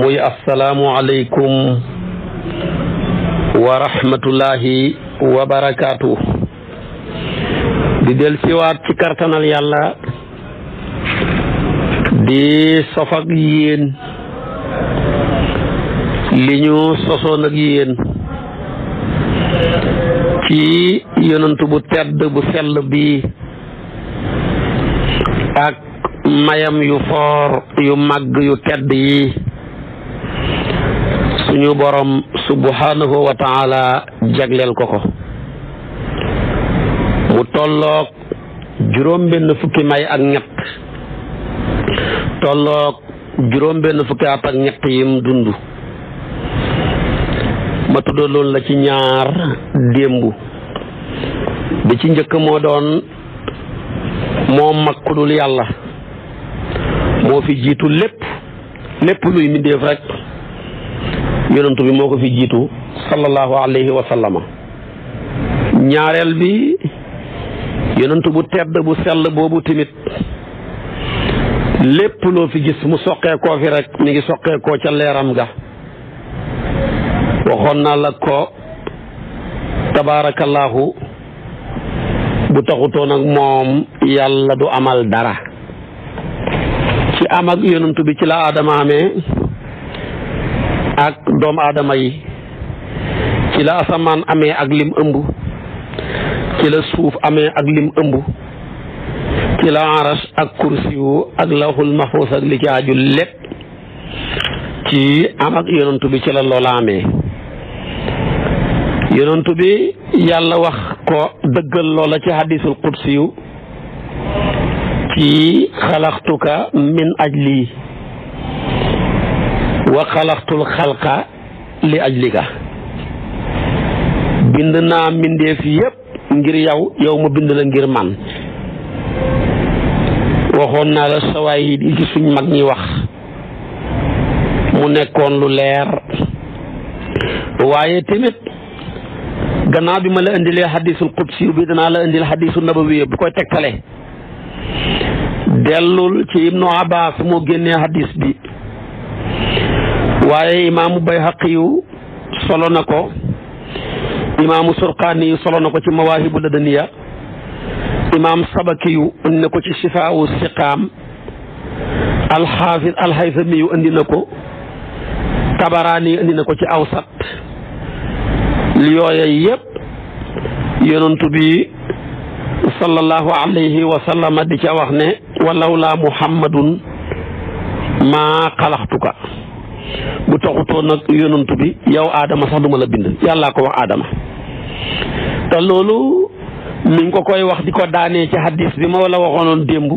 muy asalaamualeykum wa rahmatullahi wa di del siwaat ci kartanal yàlla di sof ak yéen li ñu sosoon ak yéen ci yonent bu tedd bu sell bi ak mayam yu foor yu màgg yu tedd yi suñu borom subhanahu wa taala jagleel ko ko mu tollook juróom benn fukki may ak ñett tolloog juróom benn fukki ak ñett yim dund ma tuddaloon la ci ñaar démb bi ci njëkk moo doon moo mag ku yàlla moo fi jiitu lépp lépp luy mindeef rek yonantu bi moo ko fi jiitu sallallahu alayhi wa sallama ñaareel bi yonantu bu tedd bu sell boobu tamit lépp loo fi gis mu soqeekoo fi rek mu ngi soqeekoo ca leeram ga waxoon naa la ko tabaarakallaahu bu taxutoon ak moom yàlla du amal dara ci am ak yonantu bi ci la aadama amee ak doomu aadama yi ci la asamaan amee ak lim ëmb ci la suuf amee ak lim ëmb ci la aras ak kursiyu ak lawhul mahfuus ak li ci aju lépp ci am ak yonantu bi ci la loola amee yonantu bi yàlla wax ko dëggal loola ci hadisul qudsiyu ci xalaxtuka min ajli wa xalaqtul xalqa li ajlika bind naa mbindeef yépp ngir yow yow ma bind la ngir man waxoon naa la sawaay yi di suñ mag ñi wax mu nekkoon lu leer waaye tamit gannaaw bi ma la indilee xadiisul qudsi bi danaa la indil xadiisu nabawi bu koy tegtale dellul ci ibnu abbas moo génnee xadiis bi waaye imaamu bayhaqi yu solo na ko imaamu surqaani yu solo na ko ci mawaahibu ladaniya imaam sabaki yu indi na ko ci sifaawu siqaam alxaafid alxaysami yu indi na ko tabaraani yu na ko ci awsat yooye yépp yonantu bi sallallahu alayhi wa sallama di ca wax ne walaw laa muhammadun maa xalaxtuka bu taxutoo nag bi yow aadama sax duma la bind yàllaa ko wax aadama te loolu mi ko koy wax di ko daanee ci hadis bi ma la waxoonoon démb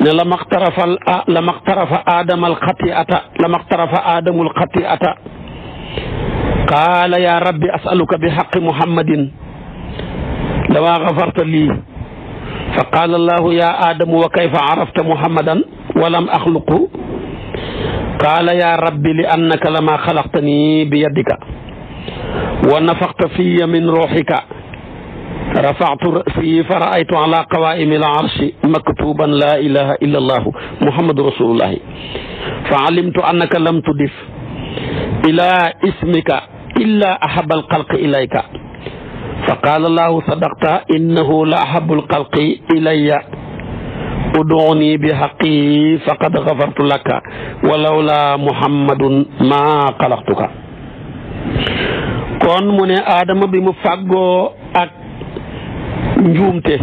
ne la maxtarafal a la maxtarafa aadamal qaala ya rabbi asaluka bi xaqi muhammadin lama xafarta lii fa qaala allahu ya aadamu wa kayfa arafta muhammadan walam axluqu qaala yaa rabbi li annaka lama xalaqtani bi yaddika wa nafaxta fiya min ruuxika rafactu rasi fa raaytu ala qawaimi al arshi maktuban la ilaha illa allahu muhammadu rasulullahi fa alimtu annaka lam tudif ila ismika illa ahaba alxalqi ilayka fa qaala allahu sadaqta innahu la ahabu alxalqi ilayya ud'uunii bi haqqi faqad ghafartu laka walaw laa muhammadun maa xalaqtuka kon mu ne aadama bi mu fàggoo ak njuumte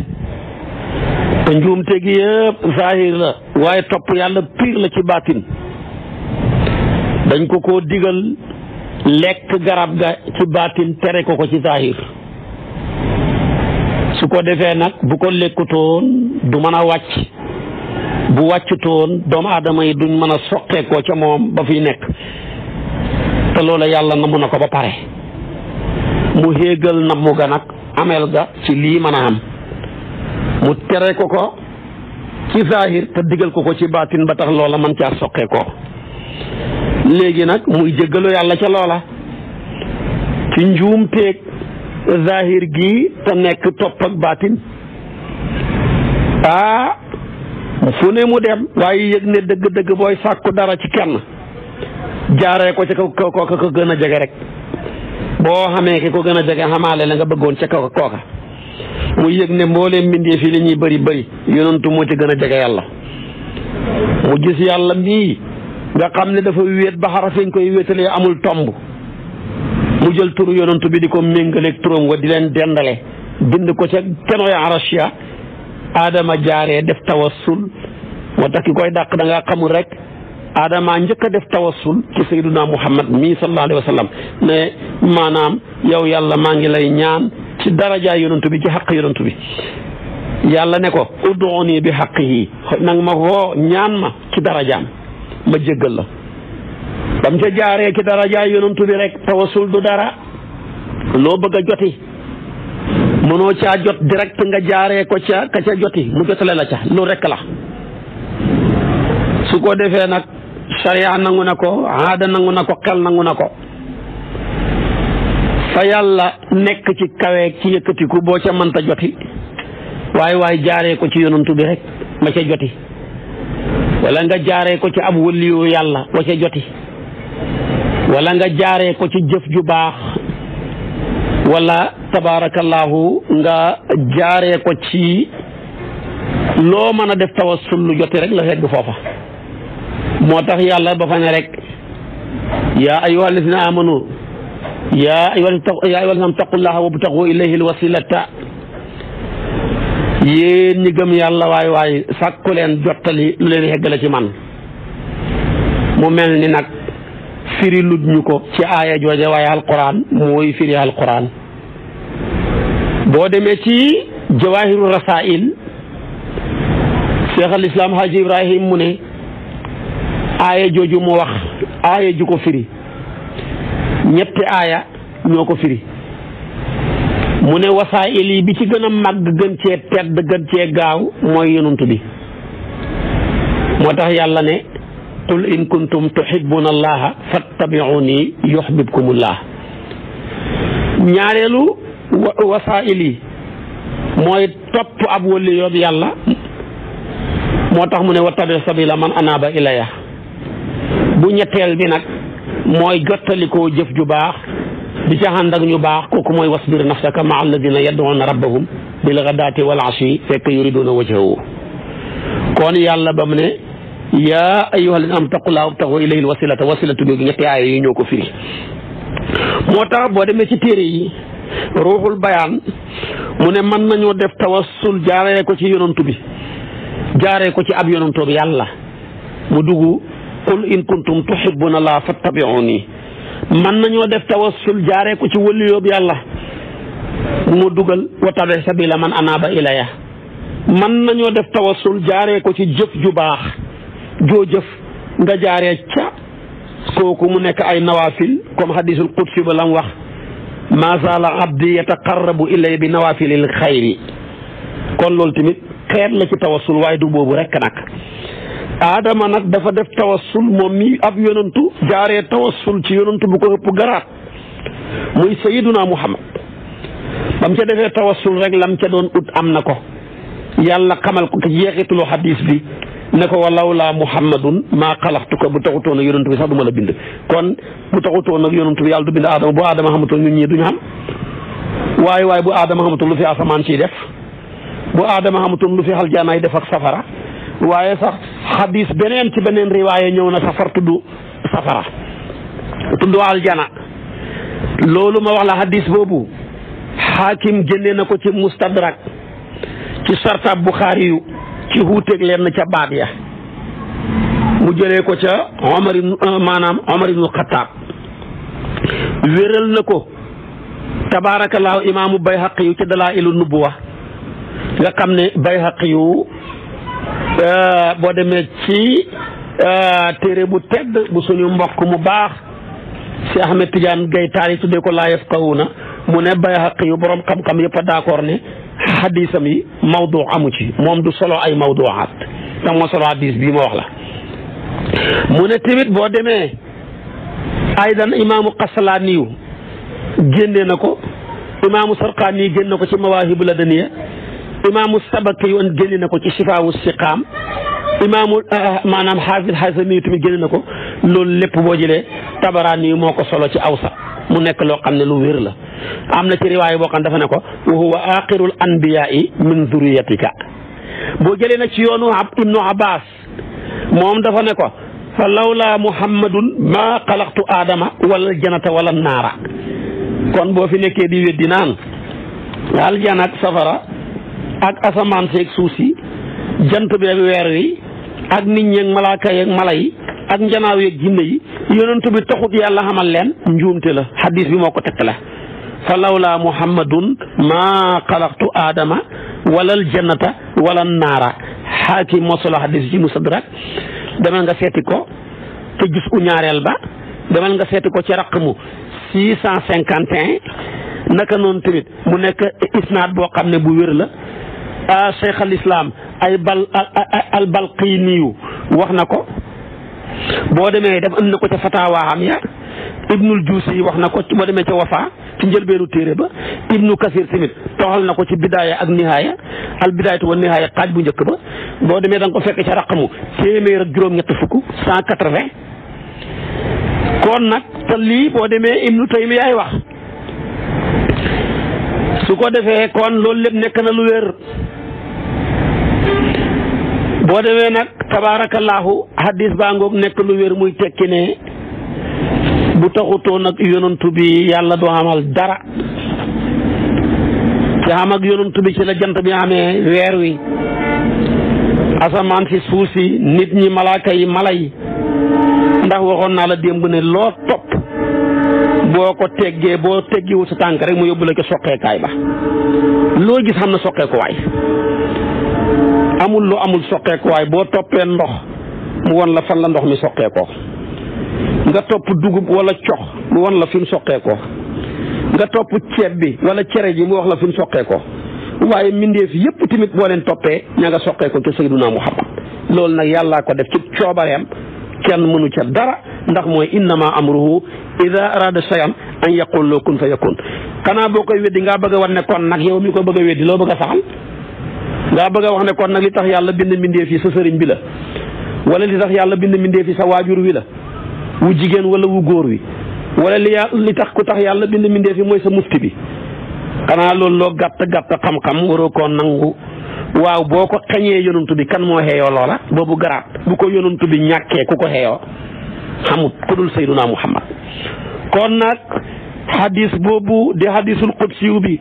te njuumte gi yëpp zahir la waaye topp yàlla piir la ci baatin dañ ko ko digal lekk garab ga ci baatin tere ko ko ci zahir su ko defee nag bu ko lekkutoon du mën a wàcc bu wàccutoon doomu aadama yi duñ mën a soqeekoo ca moom ba fiy nekk te loola yàlla namu na ko ba pare mu héegal na mu ga nag amel ga ci lii mën a am mu tere ko ko ci zaahir te digal ko ko ci baatin ba tax loola mën caa soqeekoo léegi nag muy jéggalu yàlla ca loola ci njuum teeg zaahir gi te nekk topp baatin ah fu ne mu dem waaye yëg ne dëgg-dëgg booy sàkku dara ci kenn jaaree ko ci ko kooka ko gën a jege rek boo xamee ki ko gën a jege xamaale la nga bëggoon ca kooka kooka mu yëg ne mbooleem mbindee fii la ñuy bëri bëri yonantu moo ci gën a jege yàlla mu gis yàlla mii nga xam ne dafa wéet ba xarafiñ koy wéetalee amul tomb mu jël turu yonantu bi di ko méngaleeg turam wa di leen dendale bind ko ca kenoya arashia aadama jaare def tawassul moo tax koy dàq da ngaa xamul rek aadama njëkk a def tawassul ci sayyiduna muhammad mii sallallahu alayhi wa ne maanaam yow yàlla maa ngi lay ñaan ci darajaay yonantu bi ci xaq yonantu bi yàlla ne ko ud'uni bi haqqihi nang ma woo ñaan ma ci darajaam ma jéggal la bam ca jaaree ci darajaay yonantu bi rek tawassul du dara loo bëgg joti mënoo caa jot direct nga jaaree ko ca ka ca joti mu jotale la ca loolu rek la su ko defee nag sariya nangu na ko aada nangu na ko xel nangu na ko fa yàlla nekk ci kaweeg ci yëkkatiku boo ca mënta joti waaye waay jaaree ko ci yonantu bi rek ma ca joti wala nga jaaree ko ci ab wëliyu yàlla wa ca joti wala nga jaaree ko ci jëf ju baax wala tabaarakallaahu nga jaaree ko ci loo mën a def tawassul lu joti rek la fegg foofa moo tax yàlla ba fa ne rek yaa ayyuha alladina amanu yaa ayyuha alladina taqullaha wabtagu ilayhi alwasilata yéen ñi gëm yàlla waay waay sàkku leen jottali lu leen xeggale ci man mu mel ni nag firi lut ñu ko ci aaya jooje waaye alquran mooy firi alquran boo demee ci jawaahiru rasail cheikh al islam ibrahim mu ne aaya jooju mu wax aaya ju ko firi ñetti aaya ñoo ko firi mu ne wasaa'il yi bi ci gën a màgg gën cee tedd gën cee gaaw mooy yonent bi moo tax yàlla ne qul in kuntum tuhibbuna allaha fattabi'uni yuhbibkumullah ñaareelu wasaa'il yi mooy topp ab wëlli yoobu yàlla moo tax mu ne wattabi sabila man anaaba ilaya bu ñetteel bi nag mooy jottalikoo jëf ju baax di ca ànd ak ñu baax kooku mooy wasbir nafsaka maa alladina yad'una rabbahum bil ghadaati wal ashi fekk yuriduna wajhahu kon yàlla ba mu ne yaa ayyuha alladina am taqulaa wabtaxu ilayhi wasilata wasilatu googu ñetti aaya yi ñoo ko firi moo tax boo demee ci téere yi ruuxul bayaan mu ne mën nañoo def tawassul jaaree ko ci yonantu bi jaaree ko ci ab yonantu bi yàlla mu dugg qul in kuntum tuhibbuna laa nii mën nañoo def tawassul jaaree ko ci wëliyoo bi yàlla mu dugal wa tabe sabila man anaaba ilaya man nañoo def tawassul jaaree ko ci jëf ju baax joo jëf nga jaaree ca kooku mu nekk ay nawaafil comme hadisul qudsi ba lam wax ma zaala abdi yataqarrabu ilay bi nawaafilil xayri kon loolu tamit xeet la ci tawassul waaye du boobu rekk nag aadama nag dafa def tawassul moom mi ab yonantu jaaree tawassul ci yonantu bu ko ëpp garaat muy sayiduna muhammad bam ca defee tawassul rek lam ca doon ut am na ko yàlla xamal ko ci jeexitalu xadiis bi ne ko walaw laa muhammadun maa ko bu taxutoon ak yonantu bi sax du ma la bind kon bu taxutoon ak yonantu bi yàlla du bind aadama bu aadama xamatoon ñun ñii duñu xam waaye waaye bu aadama xamatoon lu fi asamaan ciy def bu aadama xamatoon lu fi aljaanaay def ak safara waaye sax xadis beneen ci beneen riwaaye ñëw na safar tudd safara tudd aljana loolu ma wax la xadis boobu xaakim génne na ko ci mustadrak ci sartaab buxaari yu ci wuuteeg lenn ca baat ya mu jëlee ko ca Omar euh, maanaam Omar ibnu Xataab wéral na ko tabaarakallaahu imaamu Bayhaqi yu ca Dalaa'ilu wa nga xam ne Bayhaqi yu euh, boo demee ci euh, téere bu tedd bu suñu mbokk mu baax si Ahmed Tidiane Gaye taal yi tuddee ko laa na mu ne Bayhaqi yu borom xam-xam yëpp a d'accord ne. xadisam yi mawdu amu ci moom du solo ay mawduaat te moo solo xadis bii ma wax la mu ne tamit boo demee aydan imaamu Qaslaaniyu génne na ko imaamu Sarqaani génne na ko ci mawaahibu ladaniya imaamu Sabaki yoon génne na ko ci sifaawu siqaam imaamu eh, eh, maanaam xaafid xasami tamit génne na ko loolu lépp boo jëlee tabaraani moo ko solo ci awsa mu nekk loo xam ne lu wér la am na ci riwaayu boo xam dafa ne ko wa huwa aaxirul anbiyaa'i min boo jëlee nag ci yoonu ab ibnu abbas moom dafa ne ko fa lawla muhammadun ma xalaqtu aadama walla janata wala naara kon boo fi nekkee di weddi naan aljana ak safara ak asamaan seeg suuf si jant bi ak weer wi ak nit ñi ak malaaka yi ak mala yi ak njanaaw yeeg jinne yi yonentu bi taxut yàlla xamal leen njuumte la xadis bi moo ko tekk la fa lawlaa muhammadun maa xalaqtu aadama walla jannata walal naara xaakim moo solo xadis ci musadrak demal nga seeti ko te gis u ñaareel ba demal nga seeti ko ci raqmu six cent cinquante et un naka noonu tamit mu nekk isnaad boo xam ne bu wér la ah cheikh al islam ay bal al wax na ko boo demee def am na ko ca fatawaaxam ya ibnul juusi wax na ko boo demee ca wafa ci njëlbeenu téere ba ibnu kasir tamit toxal na ko ci bidaaya ak nihaaya al bidaayatu wa nihaaya xaaj bu njëkk ba boo demee danga ko fekk ca raqamu téeméer ak juróom-ñett fukk cent quatre-vingt kon nag te boo demee ibnu taymi yaay wax su ko defee kon loolu lépp nekk na lu wér boo demee nag tabaarakallaahu hadis baa ngoog nekk lu wér muy tekki ne bu taxutoon ak yonantu bi yàlla doo amal dara ci xam ak yonantu bi ci la jant bi amee weer wi asamaan si suuf si nit ñi malaaka yi mala yi ndax waxoon naa la démb ne loo topp boo ko teggee boo teggiwul sa tànk rek mu yóbbu la ci soqekaay ba loo gis xam na soqeekuwaay amul lu amul soqeeku waaye boo toppee ndox mu won la fan la ndox mi soqeekoo nga topp dugub wala cox mu won la fi mu soqeekoo nga topp ceeb bi wala cere ji mu wax la fi mu soqeekoo waaye mbindeef yépp tamit boo leen toppee ña nga soqeekoo ca Sayyiduna Muhammad loolu nag yàllaa ko def ci coobareem kenn mënu ca dara ndax mooy innama amruhu ida arada shay'an an yaqul loo kun fa yakun xanaa boo koy weddi ngaa bëgg a wan ne kon nag yow mi ko bëgg a loo a saxal ngaa bëgg a wax ne kon nag li tax yàlla bind mbindeef yi sa sëriñ bi la wala li tax yàlla bind mbindeef yi sa waajur wi la wu jigéen wala wu góor wi wala li li tax ku tax yàlla bind mbindeef yi mooy sa mufti bi xanaa loolu loo gàtt gàtt xam-xam waroo koo nangu waaw boo ko xañee yonantu bi kan moo xeeyoo loola boobu garaat bu ko yonantu bi ñàkkee ku ko xeeyoo xamut ku dul muhammad kon nag hadis boobu di hadisul qudsi bi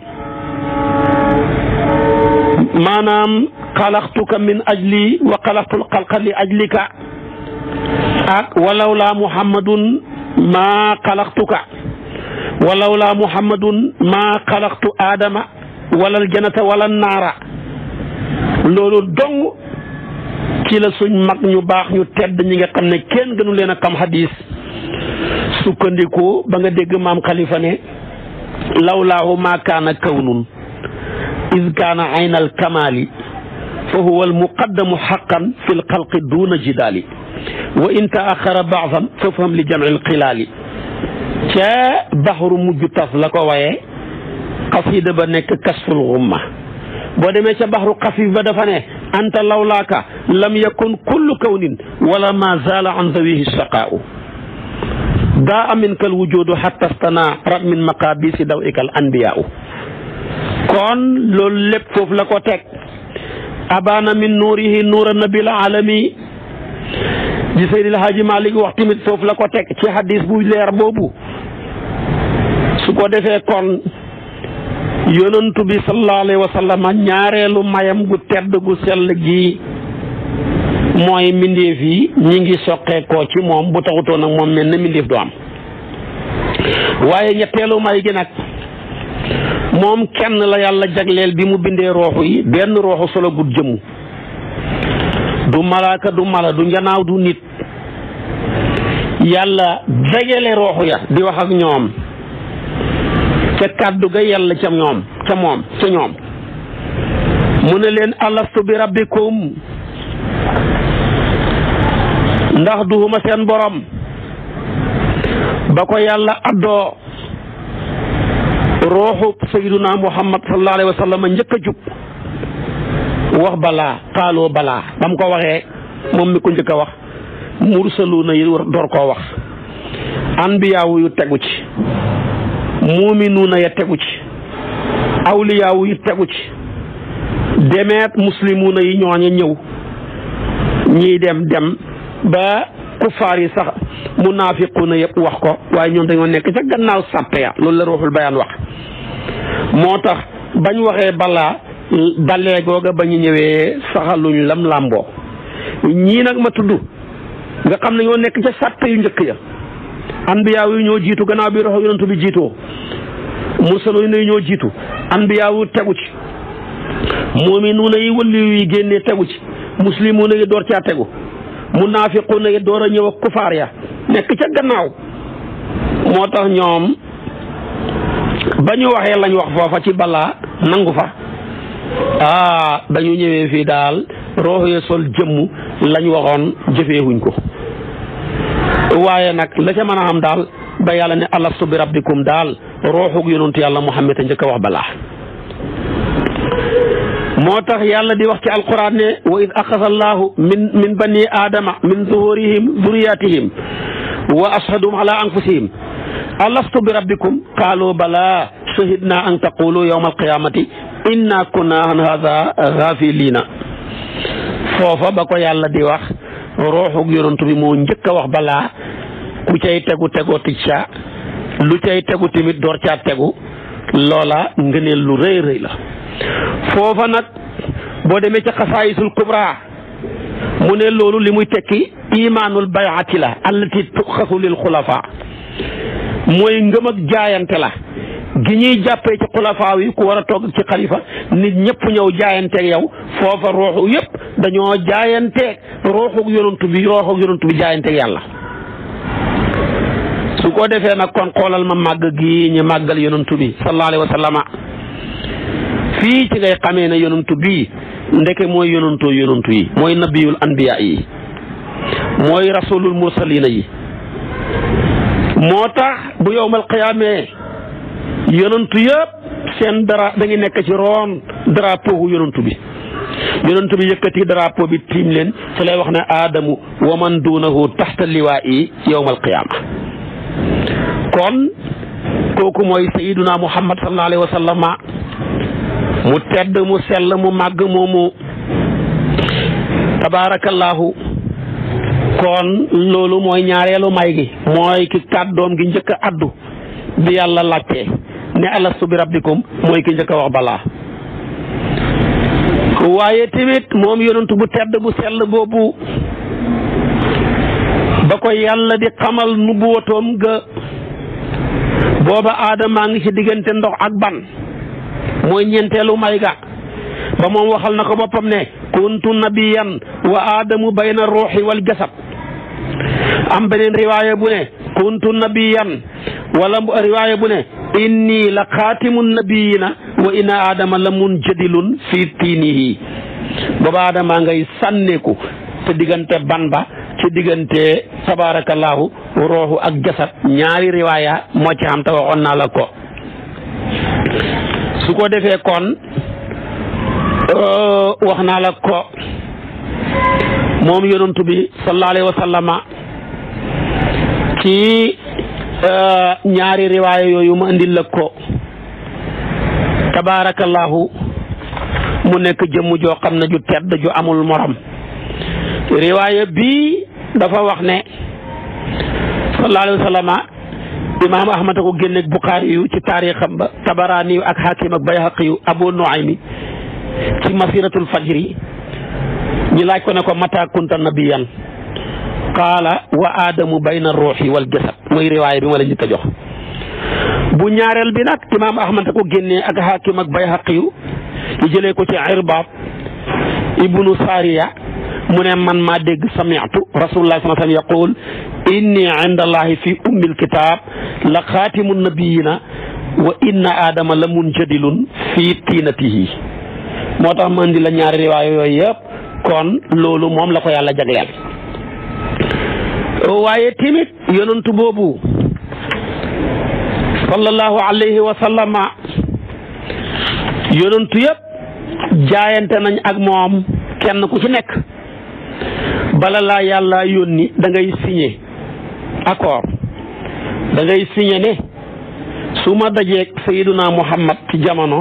maanaam xalaxtuka min ajli wa xalaxtul xalqa li ajlika ak walaw laa muhammadun maa xalaxtuka walaw laa muhammadun maa xalaxtu aadama walal janata wala naara loolu dong ci la suñ mag ñu baax ñu tedd ñi nga xam ne kenn gënu leen a xam sukkandiku ba nga dégg maam xalifa ne lawlaahu maa kaana kawnun iz kaana aynal kamaali fa huwa almuqaddamu xaqan fi lxalqi duuna jidaali wa in taaxara baadan fa faham li jamci lxilaali ca baxru mujj tas la ko waye xasida ba nekk kasful xumma boo demee ca baxru xafif ba dafa ne anta lawlaaka lam yakun kullu kawnin wala ma zaala an zawihi saqaa'u daa amin kal wujudu xatta stanaa rab min maqaabisi daw ikal anbiyaa'u kon loolu lépp foofu la ko teg abana min nuurihi nuura nabil alami di Seydil Haaji Malik wax tamit foofu la ko teg ci hadis bu leer boobu su ko defee kon yonantu bi sallallahu alayhi ñaareelu mayam gu tedd gu sell gi mooy mbindeef yi ñu ngi soqeekoo ci moom bu taxutoon ak moom mel na mbindeef du am waaye ñetteelu may gi nag moom kenn la yàlla jagleel bi mu bindee rooxu yi benn rooxu solo gut jëmu du malaaka du mala du njanaaw du nit yàlla dajale rooxu ya di wax ak ñoom ca kàddu ga yàlla ca ñoom ca moom mu ne leen alastu bi rabbikum ndax duhuma seen borom ba ko yàlla addoo ruuxu sayyiduna muhammad sallallahu alayhi wa sallam njëkk a jub wax balaa xaaloo balaa dam mu ko waxee moom mi ko njëkk a wax mursaluuna yi door koo wax anbiyaawu yu tegu ci muuminuuna ya tegu ci awliyaawu yu tegu ci demeet muslimuuna yi ñooña ñëw ñiy dem dem ba kuffaar yi sax munaafiquuna yëpp wax ko waaye ñoom dañoo nekk ca gannaaw sàppe ya loolu la ruuxul bayaan wax moo tax bañ waxee balaa dalee googa ba ñu ñëwee saxaluñ lam làmboo ñii nag ma tudd nga xam ne ñoo nekk ca sàppe yu njëkk ya anbiyaa yu ñoo jiitu gannaaw bi roxo yonantu bi jiitoo mursaloon yi ñoo jiitu anbiyaa tegu ci moominuuna yi wëlliw yi génnee tegu ci muslimuuna yi door caa tegu munaafiquuna ya door a ñëw ak kufaar ya nekk ca gannaaw moo tax ñoom ba ñu waxee lañ wax foofa ci balaa nangu fa ah dañu ñëwee fii daal roox ya sol jëmm lañ waxoon jëfeewuñ ko waaye nag la ca mën a am daal ba yàlla ne alastu bi rabbikum daal rooxug yonentu yàlla Muhammad a njëkk a wax balaa moo tax yàlla di wax ci alquran ne wa id axasa allahu min min bani aadama min zuhurihim zuriyatihim wa ashhadum ala anfusihim alastu bi rabbikum qaalu bala shahidna an taqulu yawma alqiyamati inna kunna an hadha ghafilina foofa ba ko yàlla di wax rooxug yonantu bi moo njëkk a wax balaa ku cay tegu tegoo tic ca lu cay tegu tamit door caa tegu loola ngëneel lu rëy rëy la foofa nag boo demee ca xasaayisul kubra mu ne loolu li muy tekki imaanul bayati la allati tuxasu lil xulafa mooy ngëm jaayante la gi ñuy jàppee ci xulafaa yi ku war a toog ci xalifa nit ñëpp ñëw jaayanteeg yow foofa ruuxu yëpp dañoo jaayanteeg ruuxu yonent bi ruuxu yonent yàlla su ko defee nag kon xoolal ma màgg gi ñu màggal yonent bi sallallahu fii ci ngay xamee na yonantu bii ndeke mooy yonantoo yonantu yi mooy nabiyul anbiya yi mooy rasulul mursalina yi moo tax bu yowmal qiyaamee yonantu yëpp seen dara dañuy nekk ci roon drapeau wu yonantu bi yonantu bi yëkkati drapeau bi tiim leen ci lay wax ne aadamu wa man duunahu taxta liwaa yi yowmal qiyaama kon kooku mooy sayiduna muhammad sallallahu alayhi wa mu tedd mu sell mu màgg moomu tabaarakallaahu kon loolu mooy ñaareelu may gi mooy ki kàddoom gi njëkk àddu addu bi yàlla laajtee ne alastu bi rabbikum mooy ki njëkk a wax balaa waaye tamit moom yonentu bu tedd bu sell boobu ba ko yàlla di xamal nubuwatoom ga booba maa ngi ci diggante ndox ak ban mooy ñeenteelu may ga ba moom waxal na ko boppam ne kuntu nabiyan wa aadamu bayna ruuxi wal jasad am beneen riwaaya bu ne kuntu nabiyan wala riwaaya bu ne inni la xaatimu nabiyina wa inna aadama la munjadilun fi tiinihi booba aadama ngay sànneeku te diggante ban ba ci diggante tabaarakallaahu ruuxu ak jasad ñaari riwaaya moo ci xam te waxoon naa la ko su ko defee kon euh, wax naa la ko moom yonantu bi sallallahu alayhi wa ci euh, ñaari riwaaya yooyu ma indi la ko tabaarakallahu mu nekk jëmm joo xam ne ju tedd ju amul morom riwaaya bi dafa wax ne sallallahu alayhi wa imaam ahmad ko génne ak buxaari yu ci taarixam ba tabaraani yu ak hakim ak bayhaqi yu abu nuaymi ci masiratul fajri ñi laaj ko ne ko mata kunta nabiyan qaala wa aadamu bayna ruuxi wal jasad mooy riwaaya bi ma la njëkk a jox bu ñaareel bi nag imaam ahmad ko génne ak hakim ak bayhaqi yu ñu jëlee ko ci irbaab ibnu sariya mu ne man maa dégg sami'tu rasulullah sallallahu alayhi wa sallam yaqul inni inda allahi fi ummil kitab la xaatimu nabiyina wa inna adama la munjadilun fi tiinatihi moo tax ma indi la ñaari riwaaya yooyu yëpp kon loolu moom la ko yàlla jagleel waaye timit yonantu boobu sallallahu alayhi wa sallama yonantu yëpp jaayante nañ ak moom kenn ku ci nekk bala laa yàlla yónni dangay ngay signé dangay da ne su ma dajeeg Sayyiduna Muhammad ci jamono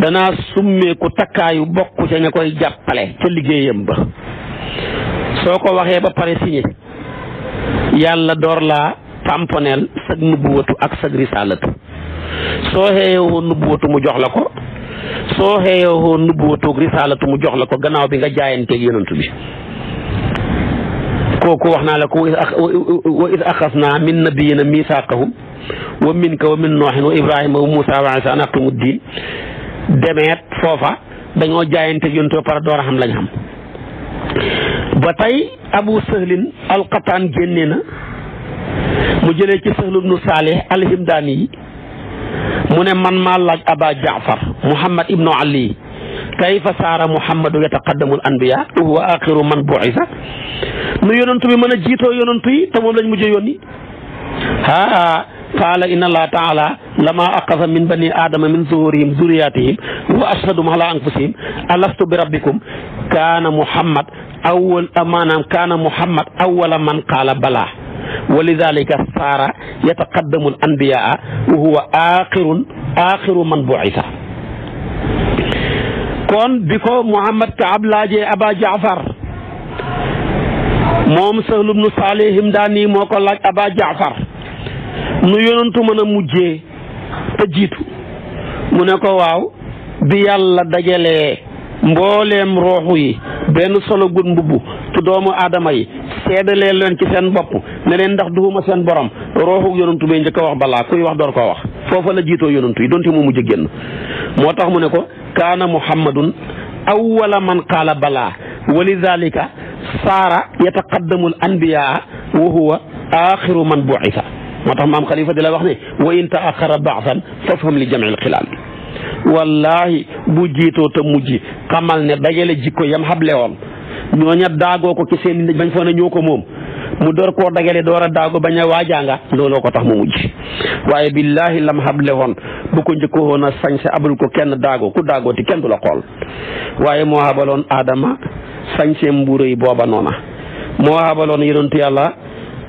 danaa summeeku takkaayu bokk ca ña koy jàppale ca liggéeyam ba soo ko waxee ba pare signé yàlla door laa tamponeel sag nubbuwatu ak sag risalatu soo xeewoo nubbuwatu mu jox la ko soo xeeyoo xool toog risaalatu mu jox la ko gannaaw bi nga jaayanteeg yonantu bi kooku wax naa la ko wa is axas naa min nabiyina misaaqahum wa minka wa min nooxin wa ibrahima wa muusa wa isa an aqimu diin demeet foofa dañoo jaayanteeg yonantu ba pare door a lañ xam ba tey abu sahlin alqataan génnee na mu jëlee ci sahlun nu saalih alhimdaani yi mu ne man maa laaj aba jaafar muhammad ibnu ali kayfa saara muhammadu yataqaddamul anbiya wa axiru man buisa nu yonantu bi mën a jiitoo yonantu yi te moom lañ mujjee yónni haa qaala inna allaha taala lama aqasa min bani adama min zuhurihim zuriyatihim wa ashhadum ala anfusihim alastu bi rabbikum kaana muhammad awwal maanaam kaana muhammad awwala man qaala balaa wa lidalika saara yataqaddamu al anbiyaa wa huwa aaxirun aaxiru man buisa kon bi ko Muhammad Kaab laajee Aba Jaafar moom Sahl ibnu Saalih Himdaani moo ko laaj Aba Jaafar nu yonantu mën a mujjee te jiitu mu ne ko waaw bi yàlla dajalee mbooleem rooxu yi benn solo gun mbubb tu doomu aadama yi seedalee leen ci seen bopp ne leen ndax duhuma seen borom rooxu yonantu bay njëkk a wax balaa kuy wax door ko wax foofa la jiitoo yonantu yi donte mu mujj génn moo tax mu ne ko kaana muhammadun awwala man qaala balaa walidalika saara yataqaddamu al anbiyaa wa huwa axiru man buisa moo tax maam xalifa di la wax ne wa in taaxara baasan fafham li jamci al wallaahi bu jiitoo te mujj xamal ne dajale jikko yam xable woon ña daagoo ko ci seen bañ foog ne ñoo ko moom mu door koo dagale door a daago bañ a waajaanga looloo ko tax mu mujj waaye billaahi lam xable woon bu ko njëkkoon a sañse abul ko kenn daago ku daagoo ti kenn du la xool waaye moo xabaloon Adama sañse mbuur yi booba noona moo xabaloon yonentu yàlla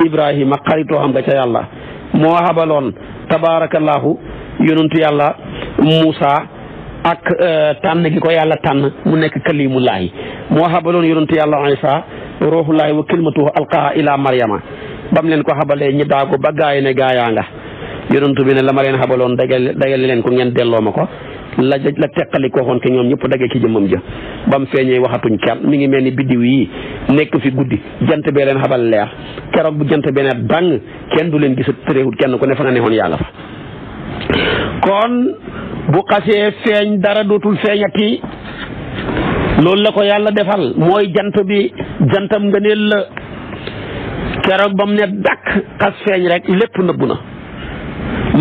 Ibrahima xaritoo xam nga ca yàlla moo xabaloon tabaarakallaahu yonentu yàlla Moussa ak euh, tànn gi ko yàlla tànn mu nekk kalimullahi moo xabaloon yonentu yàlla Isa ruuxullahi wa kalimatuhu alqaha ila Maryama bam leen ko xabalee ñi daagu ba gaay ne gaayaa nga yonentu bi ne la ma leen xabaloon dagal dagal leen ko ngeen delloo ma ko la la teqali ko xoon ke ñoom ñëpp dagee ci jëmmam ja bam feeñee waxatuñ kenn mi ngi mel ni biddiw yi nekk fi guddi jant bee leen xabal leer keroog bu jant beneen ne kenn du leen gisa tëréewut kenn ku ne fa nga kon bu xasee feeñ dara dootul feeñati loolu la ko yàlla defal mooy jant bi jantam ngëneel la keroog ba mu ne dàkk xas feeñ rek lépp nëbbu na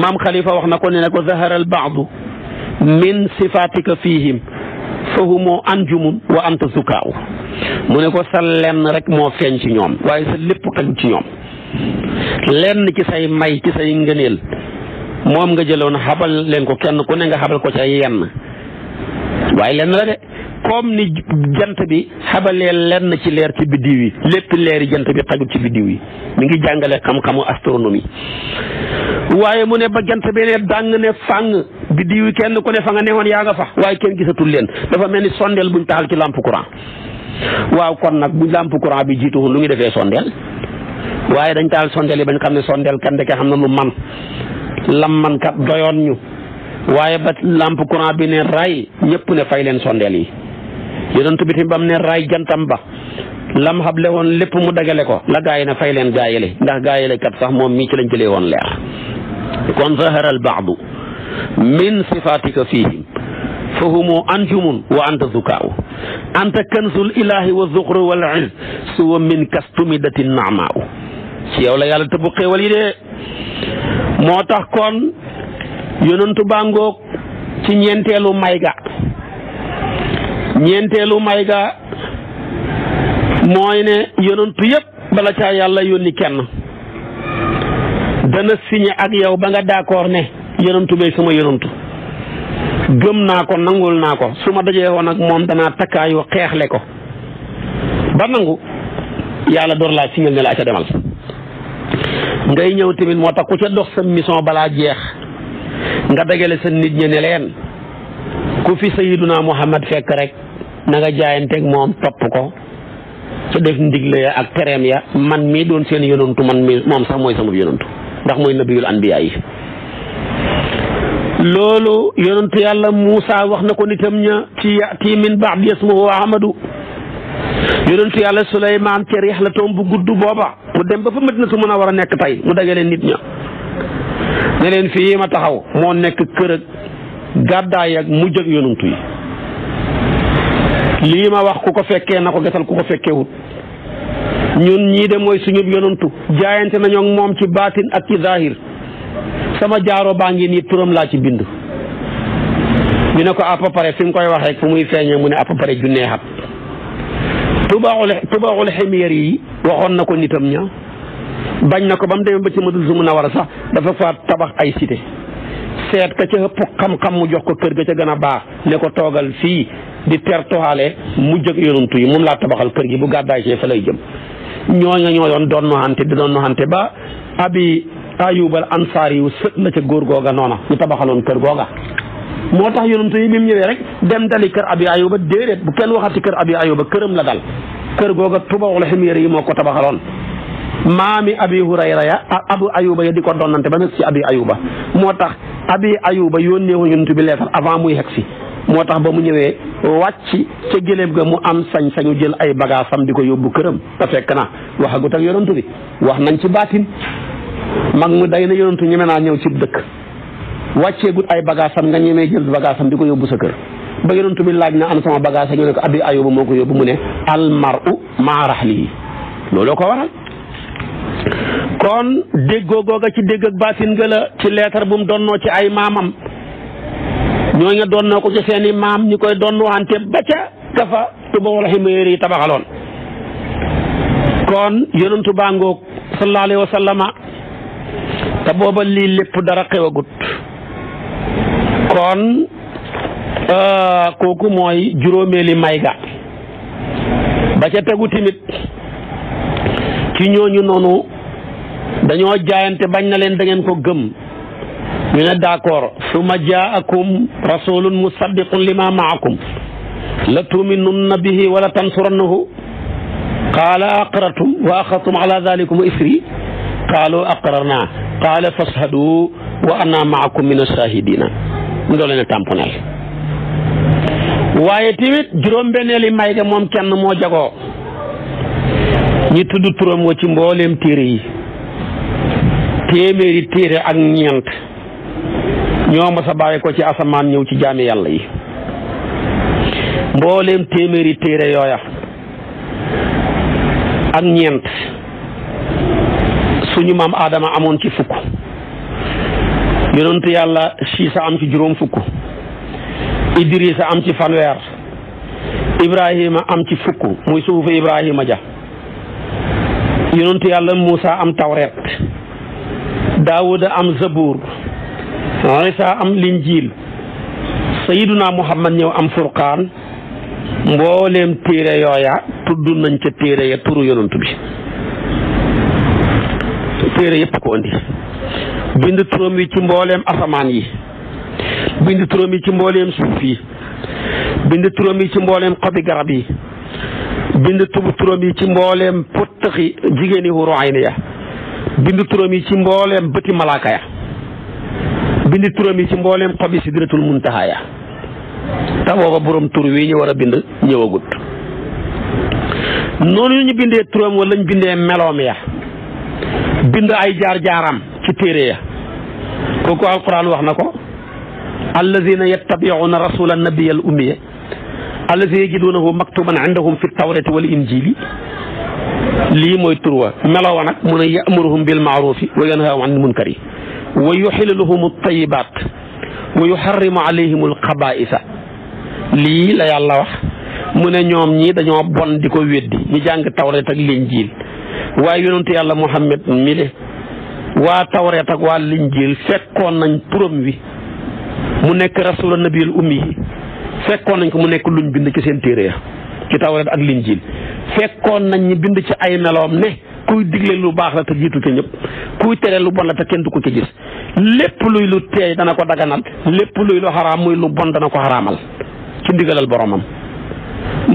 maam Khalifa wax na ko ne ne ko zahara baax baadu min sifatika fihim fahumoo anjumun wa anta zukaaw mu ne ko sa lenn rek moo feeñ ci ñoom waaye sa lépp xaju ci ñoom lenn ci say may ci say ngëneel moom nga jëloon xabal leen ko kenn ku ne nga xabal ko ca yenn waaye lenn la de comme ni jant bi xabalee lenn ci leer ci biddiw yi lépp leeri jant bi xajul ci biddiw yi mu ngi jàngale xam-xamu astronomie waaye mu ne ba jant bi ne dàng ne fàng biddiw yi kenn ku ne fa nga newoon yaa nga fa waaye kenn gisatul leen dafa mel ni sondeel buñ taxal ci làmp courant waaw kon nag bu làmp courant bi jiitu lu ngi defee sondeel waaye dañ taal sondeel yi bañ xam ne sondeel kenn xam na lu man lammankat doyoon ñu waaye ba lampe courant bi ne ray ñëpp ne fay leen sondeel yi yonent bi bam ne ray jantam ba lam xable woon lépp mu dagale ko la gaay ne fay leen gaayale ndax gaayale kat sax moom mii ci lañ jëlee woon leer kon zahara al baadu min sifatika fihim fa humu anjumun wa anta zukaaw anta kanzul ilahi wa zuxru wal izz suwa min kastumi datin naamaaw ci yow la yàlla tëbbu xéewal yi de moo tax kon yonantu bàngoog ci ñeenteelu mayga ñeenteelu mayga mooy ne yonantu yépp bala ca yàlla yónni kenn dana signé ak yow ba nga d'accord ne yonantu bee sama yonantu gëm naa ko nangul naa ko su ma dajee woon ak moom danaa takkaayu xeexle ko ba nangu yàlla door laa signal ne la aca demal ngay ñëw tamit moo tax ku ca dox sa mission balaa jeex nga dagale sa nit ñi ne leen ku fi sayiduna muhammad fekk rek na nga jaayanteeg moom topp ko ca def ndigle ya ak tereem ya man mii doon seen yonantu man mii moom sax mooy sama yonantu ndax mooy nabiyul anbiya yi loolu yonantu yàlla Muusa wax na ko nitam ña ci yati min ba'di ismuhu ahmadu yonentu yàlla Suleymaan ci rixlatoom bu gudd booba bu dem ba fa war a nekk tey mu dagale nit ña ne leen fii ma taxaw moo nekk kër ak gàddaay ak mujj ak yonentu yi lii ma wax ku ko fekkee na ko gesal ku ko fekkee fekkewut ñun ñii de mooy suñu yonentu jaayante nañoo moom ci baatin ak ci zahir sama jaaro baa ngi nii turam laa ci bind ñu ne ko à peu près fi nga koy waxee fu muy feeñee mu ne à peu près junneexat tubaaxul tubaaxul ximiyeer yi waxoon na ko nitam ña bañ na ko ba mu demee ba ci Madinatul Munawwara sax dafa fa tabax ay cité seet ka ca ëpp xam-xam mu jox ko kër ga ca gën a baax ne ko toogal fii di tertuwaale mu jóg yonantu yi moom laa tabaxal kër gi bu gàddaay see fa lay jëm ñooña ñoo doon doon noxante di doon noxante ba abi ayubal ansaar yu sët la ca góor googa noona ñu tabaxaloon kër googa moo tax yonent yi bi mu ñëwee rek dem dali kër abi ayuba déedéet bu kenn waxati kër abi ayuba këram la dal kër googa tubaxul ximyér yi moo ko tabaxaloon maami abi hurayra ya abu ayuba ya di ko donnante ba nekk ci abi ayuba moo tax abi ayuba yónnee woon yonent bi leetar avant muy hegg si moo tax ba mu ñëwee wàcc ca géléem ga mu am sañ-sañu jël ay bagaasam di ko yóbbu këram te fekk na waxagut ak yonent bi wax nañ ci baatin mag mu day na yonent ñeme naa ñëw ci dëkk wàcceegut ay bagaasam nga ñemee jël bagaasam di ko yóbbu sa kër ba yonent bi laaj na am sama bagage ñu ne ko abi ayuba moo ko yóbbu mu ne almaru maa rahlihi looloo ko waral kon déggoo googa ci dégg ak baatin ci leetar bu mu donnoo ci ay maamam ñoo nga donnoo ko ci seeni maam ñi koy donn waxante ba ca kafa tuba wala ximayéer yi tabaxaloon kon yonentu baa ngoog sallallahu alayhi wa te booba lii lépp dara xewagut kon euh, kooku mooy juróomeeli may ga ba ca tegu timit ci ñooñu noonu dañoo jaayante bañ na leen da ko gëm ñu ne d'accord summa jaakum rasulun musaddiqun lima maakum la tuminunna bihi wala tansurannahu qaala aqrartum wa axadtum ala dalikum isri qaalu aqrarna qaala fashhadu wa ana maakum min ashahidina mu doon leen waaye tamit juróom-benneeli may ga moom kenn moo jagoo ñi tudd turam wa ci mbooleem téere yi téeméeri téere ak ñeent ñoo mas a ko ci asamaan ñëw ci jaami yàlla yi mbooleem téeméeri téere yooya ak ñeent suñu mam Aadama amoon ci fukk yonent yàlla siisa am ci juróom fukk idrisa am ci fanweer ibrahima am ci fukk muy suufu ibrahima ja yonent yàlla muusa am tawreet daawuda am zabuur isa am linjiil sayiduna muhammad ñëw am furqaan mbooleem téere yooya tudd nañ ca téere ya turu yonent bi téere yépp ko indi bind turam yi ci mbooleem asamaan yi bind turam yi ci mbooleem suuf yi bind turam yi ci mbooleem xobi garab yi bind turam yi ci mbooleem pottaxi jigéeni huru ayni ya bind turam yi ci mbooleem bëti malaaka ya bind turam ci mbooleem xobi sidratul muntaha ya te booba tur wii ñu war a bind ñëwagut noonu ñu bindee turam wala ñu bindee meloom ya bind ay jaar jaaram ci téere ya kooku alquran wax na ko allazina yattabi'una rasula nabiya al ummiya allazi yajidunahu maktuban indahum fi tawrati wal injili lii mooy tur wa melo wa nag mu ne ya'muruhum bil ma'rufi wa yanhahum anil munkari wa yuhillu lahum at-tayyibat wa yuharrimu alayhim al-khaba'isa lii la yàlla wax mu ne ñoom ñi dañoo bon di ko weddi ñu jàng tawret ak linjiil waaye yonentu yàlla Muhammad mi waa tawreet ak waa linjiil fekkoon nañ turam wi mu nekk rasula nabiyul ummi yi fekkoon nañ ko mu nekk luñ bind ci seen téere ya ci tawreet ak linjiil fekkoon nañ ñu bind ci ay meloom ne kuy digle lu baax la te jiitu ca ñëpp kuy tere lu bon la te kenn du ko ci gis lépp luy lu teey dana ko daganal lépp luy lu xaraam muy lu bon dana ko xaraamal ci ndigalal boromam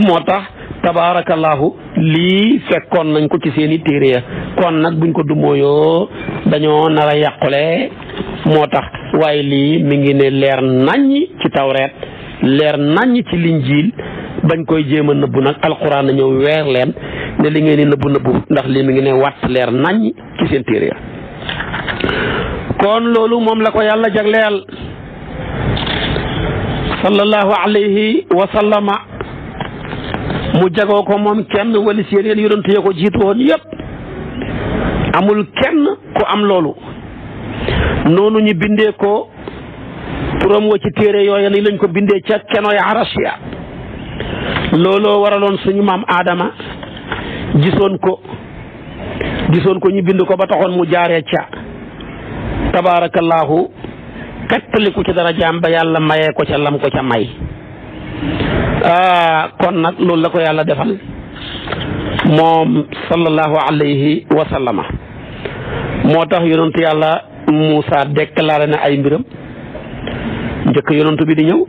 moo tax tabaarakallaahu lii fekkoon nañ ko ci seeni téere ya kon nag buñ ko dumooyoo dañoo nar yàqule moo tax waaye lii mu ngi ne leer naññ ci tawreet leer naññ ci linjiil bañ koy jéem a nëbbu nag alxuraan na ñëw weer leen ne li ngeen di nëbbu nëbbu ndax lii mi ngi ne wàtt leer naññ ci seen téere ya kon loolu moom la ko yàlla jagleel sallallahu alayhi wa mu jagoo ko moom kenn wala si yeneen yonent ya ko jiitu woon yëpp amul kenn ku am loolu noonu ñu bindee ko turam wa ci téere yooya ni lañ ko bindee ca kenoy aras ya looloo waraloon suñu maam Adama gisoon ko gisoon ko ñu bind ko ba taxoon mu jaaree ca tabaarakallaahu kattaliku ci dara jaam ba yàlla mayee ko ca lam ko ca may ah kon nag loolu la ko yàlla defal moom sallallahu alayhi wa moo tax yonantu yàlla Moussa déclaré na ay mbiram njëkk yonantu bi di ñëw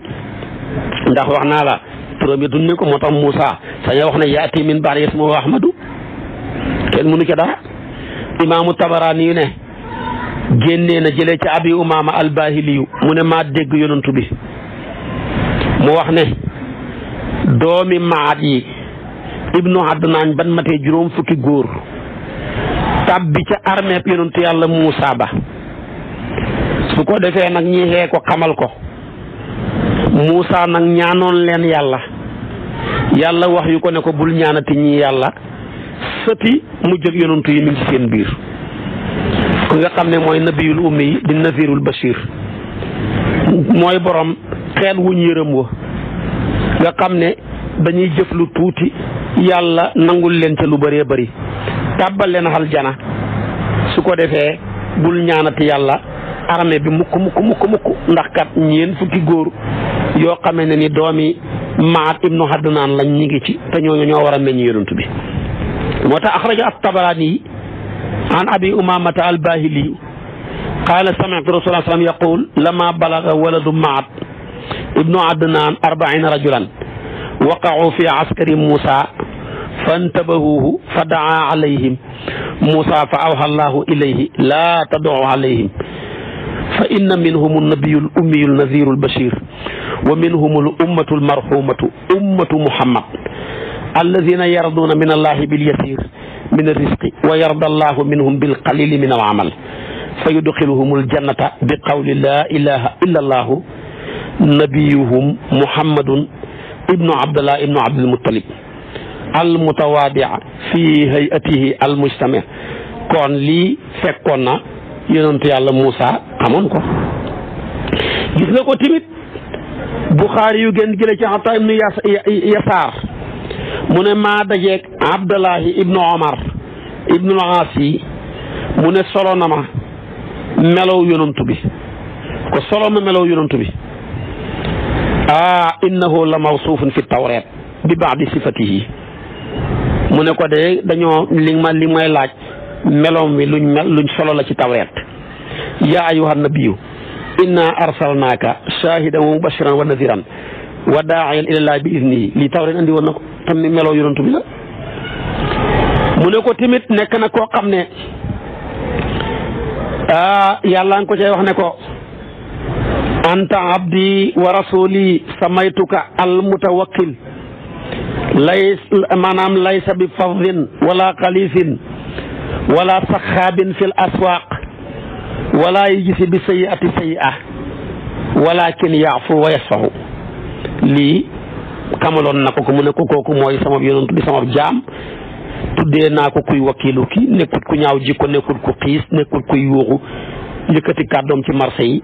ndax wax naa la turam yi dund ko moo tax Moussa sañ wax na yaati min ba'di ismuhu Ahmadu kenn mënu ca dara imaamu Tabaraani ne génnee na jëlee ca abi umaama albahiliyu mu ne maa dégg yonantu bi mu wax ne doomi maat yi ibnu adnaan ban matee juróom fukki góor tàbbi ca armée yonentu yàlla Muusa ba su ko defee nag ñi xee ko xamal ko Muusa nag ñaanoon leen yàlla yàlla wax yu ko ne ko bul ñaanati ñi yàlla sëti mu jël yonentu yi mi ngi seen biir ku nga xam ne mooy nabiyul ummi yi di nazirul bashir mooy boroom xeet wuñ yërëm wa nga xam ne dañuy jëf lu tuuti yàlla nangul leen ca lu bëree bëri tàbbal leen jana su ko defee bul ñaanat yàlla armée bi mukk mukk mukk mukk ndax kat ñeen fukki góor yoo xamee ne ni doomi maat ibnu haddunaan lañ ñi ngi ci te ñooñu ñoo war a meññ yonent bi moo tax axraja at-Tabaraani an abi umamata al-Bahili qaala sami'tu rasulallah sallam yaqul lama balaga waladu maat ibnu adnaan arbaina rajulan waqacu fi askari muusa fantabahuuhu fa daa alayhim muusa fa awha allahu ilayhi laa tadcu alayhim fa inna minhum annabiyu al ummiyu alnadiru albashir wa minhum al ummatu almarhumatu ummatu muhammad alladina yarduuna min allahi bilyasir min alrisqi wa yarda allahu minhum bilqalili min alamal fa yudxiluhum aljannata bi qawli laa ilaha illa allahu nabiyuhum muhammadun ibnu abdallah ibnu abdul muttalib fi hayatihi al kon lii fekkoon na yonentu yàlla Muusa xamoon ko gis nga ko tamit Buxaari yu gën jële ci Ataa ibnu Yasaar mu ne maa dajeeg Abdallahi ibnu Omar ibnu Aas yi mu ne solo na ma melow yonentu bi ko solo ma melow yonentu bi ah innahu la mawsuufun fi tawreet bi baadi sifatihi mu ne ko de dañoo li ma li may laaj meloom wi luñ mel luñ solo la ci tawreet yaa ayyuhan nabiyyu inna arsalnaaka shaahidan wa mubashiran wa nadiran wa daa'iyan ilallaahi bi idnihi lii tawreet andi woon na ko tam ni meloo yonantu bi la mu ne tamit nekk na ko xam ne ah yàlla nga ko cay wax ne ko anta abdi wa rasuli samaytuka al mutawakkil lay maanaam laysa bi fadhin wala xaliifin wala saxaabin fil aswaaq wala yujisi bi sayyiati sayyi'a walakin yaafu wa yasfahu lii xamaloon na ko ko mu ne ko kooku mooy sama yonent bi sama jaam tuddee naa ko kuy wakkiilu kii nekkut ku ñaaw jikko nekkut ku xiis nekkut kuy yuuxu yëkkati kàddoom ci marché yi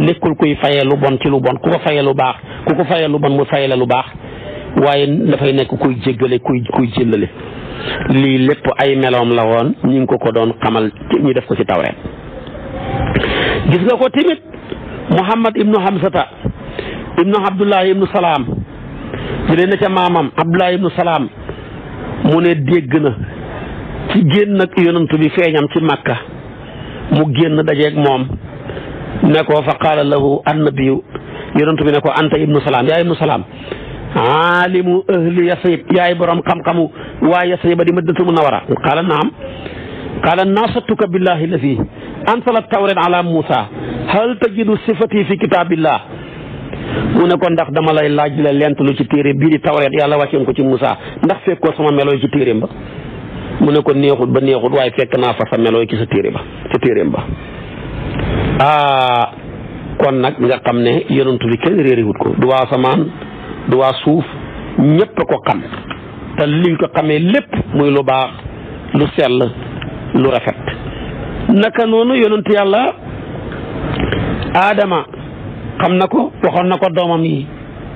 nekkul kuy fayee lu bon ci lu bon ku ko fayee lu baax ku ko fayee lu bon mu fayee la lu baax waaye dafay nekk kuy jéggale kuy kuy jëllale lii lépp ay meloom la woon ñu ngi ko ko doon xamal ñu def ko ci tawreet gis nga ko tamit muhammad ibnu hamsata ibnu abdullahi ibnu salaam jëlee na ca maamam abdullahi ibnu salaam mu ne dégg na ci génn ak yonantu bi feeñam ci màkka mu génn dajeeg moom ne ko fa qaala lahu annabiyu yonent bi ne ko anta ibnu salaam yaa ibnu salaam aalimu ahli yasrib yaay borom xam-xamu waa yasriba di madinatul munawwara qaala naam qaala naasatuka billahi alladi ansala tawrat ala Muusa hal tajidu sifati fi kitaabillah mu ne ko ndax dama lay laaj la lent lu ci téere bii di tawret yàlla wàccoon ko ci Muusa ndax fekkoo sama melo ci téereem ba mu ne ko neexut ba neexut waaye fekk naa fa sa melooy ci sa téere ba sa téereem ba ah, kon nag nga xam ne yonantu bi kenn réerewut ko du waa samaan du waa suuf ñépp a ko xam te liñ ko xamee lépp muy lu baax lu sell lu rafet naka noonu yonantu yàlla aadama xam na ko waxoon na ko doomam yi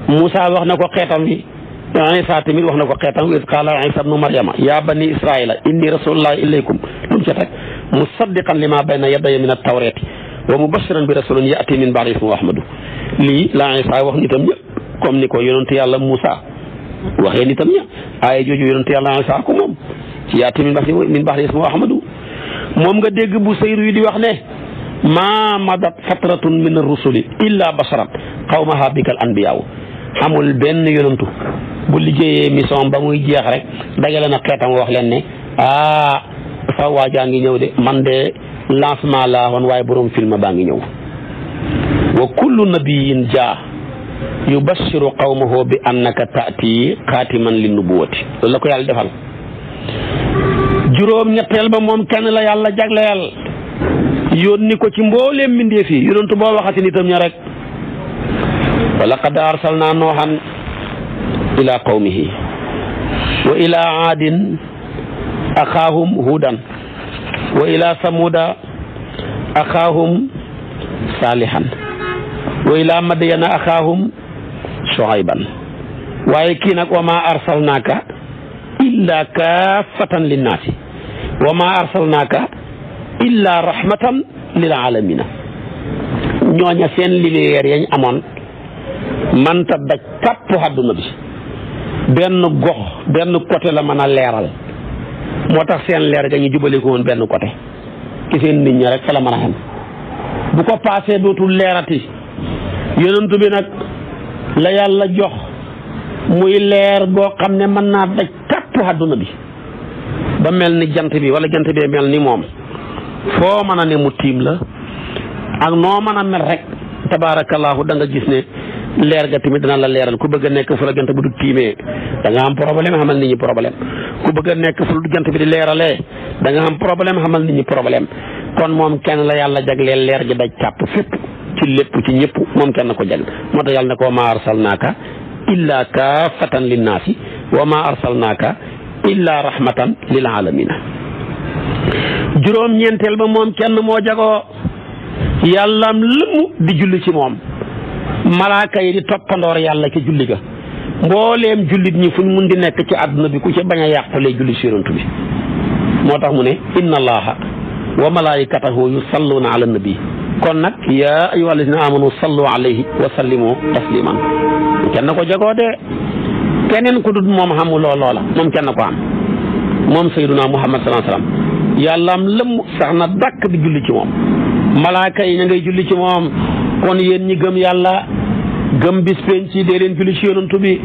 Moussa wax na ko xeetam yi Isa tamit wax na ko xeetam iz qaala Isa bnu Maryama yaa bani Israa'iila inni rasuulullaahi ilaykum lu mu ca teg musaddiqan limaa bayna yadayya mina tawreeti wa mubashiran bi rasuulin ya'tii min ba'dii ismuhu Ahmadu lii la Isa wax nitam ñëpp comme ni ko yonent yàlla Muusa waxee nitam ñëpp aaya jooju yonent yàlla Isa ko moom ci ya'tii min ba'dii ismuhu Ahmadu moom nga dégg bu sayru yi di wax ne maa madat fatratun min ar-rusuli illaa basharat qawmahaa bika al-anbiyaa amul benn yonantu bu liggéeyee mission ba muy jeex rek dajale na xeetam wax leen ne ah sa jaa ngi ñëw de man de lancement laa waaye borom film baa ngi ñëw wa kullu nabiyin jaa yubashiru qawmahu bi annaka taati man li nubuwati loolu la ko yàlla defal juróom ñetteel ba moom kenn la yàlla jagleel yónni ko ci mbooleem mbindeef yi yonentu boo waxati nitam ña rek wa laqad arsalnaa nooxan ila qawmihi wa ila aadin axaahum huudan wa ila samuda axaahum saalihan wa ila madyana axaahum shuayban waaye kii nag wa ma arsalnaaka illa kaafatan linnaasi wa ma arsalnaaka illa rahmatan lil alamina ñooña seen lumière yañ amoon manta daj kàpp àdduna bi benn gox benn côté la mën a leeral moo tax seen leer ga ñu benn côté ki seen nit ñi rek fa la mën a xam bu ko paasee dootul leerati yonent bi nag la yàlla jox muy leer goo xam ne mën naa daj kàpp àdduna bi ba mel ni jant bi wala jant bee mel ni moom foo mën a ne mu tiim la ak noo mën a mel rek tabaarakallaahu da gis ne leer ga tamit dana la leeral ku bëgg a nekk fu la jant bi du tiimee danga nga am problème xamal nit ñi problème ku bëgg a nekk fu la jant bi di leeralee danga nga am problème xamal nit ñi problème kon moom kenn la yàlla jagleel leer gi daj càpp fépp ci lépp ci ñëpp moom kenn ko jagleel moo tax yàlla na ko ma arsalnaaka illa kaafatan linnaasi wa ma arsalnaaka illa rahmatan lil alamina juróom ñeenteel ba moom kenn moo jagoo yàllaam lëmm di julli ci moom malaaka yi di toppandoor yàlla ci julli ga mbooleem jullit ñi fu ñu mun di nekk ci àdduna bi ku ci bañ a yàqulee julli si yonent bi moo tax mu ne inna allaha wa malaikatahu na ala nabi kon nag yaa ayyuha alladina amanu sallu alayhi wa sallimu tasliman kenn ko jagoo de keneen ku moom xamuloo loola moom kenn ko am moom sayyiduna muhammad sallallahu wa sallam yàlla am lëmm sax na dàkk di julli ci moom malaaka yi ña ngay julli ci moom kon yéen ñi gëm yàlla gëm bis penc ci dee leen julli ci yonantu bi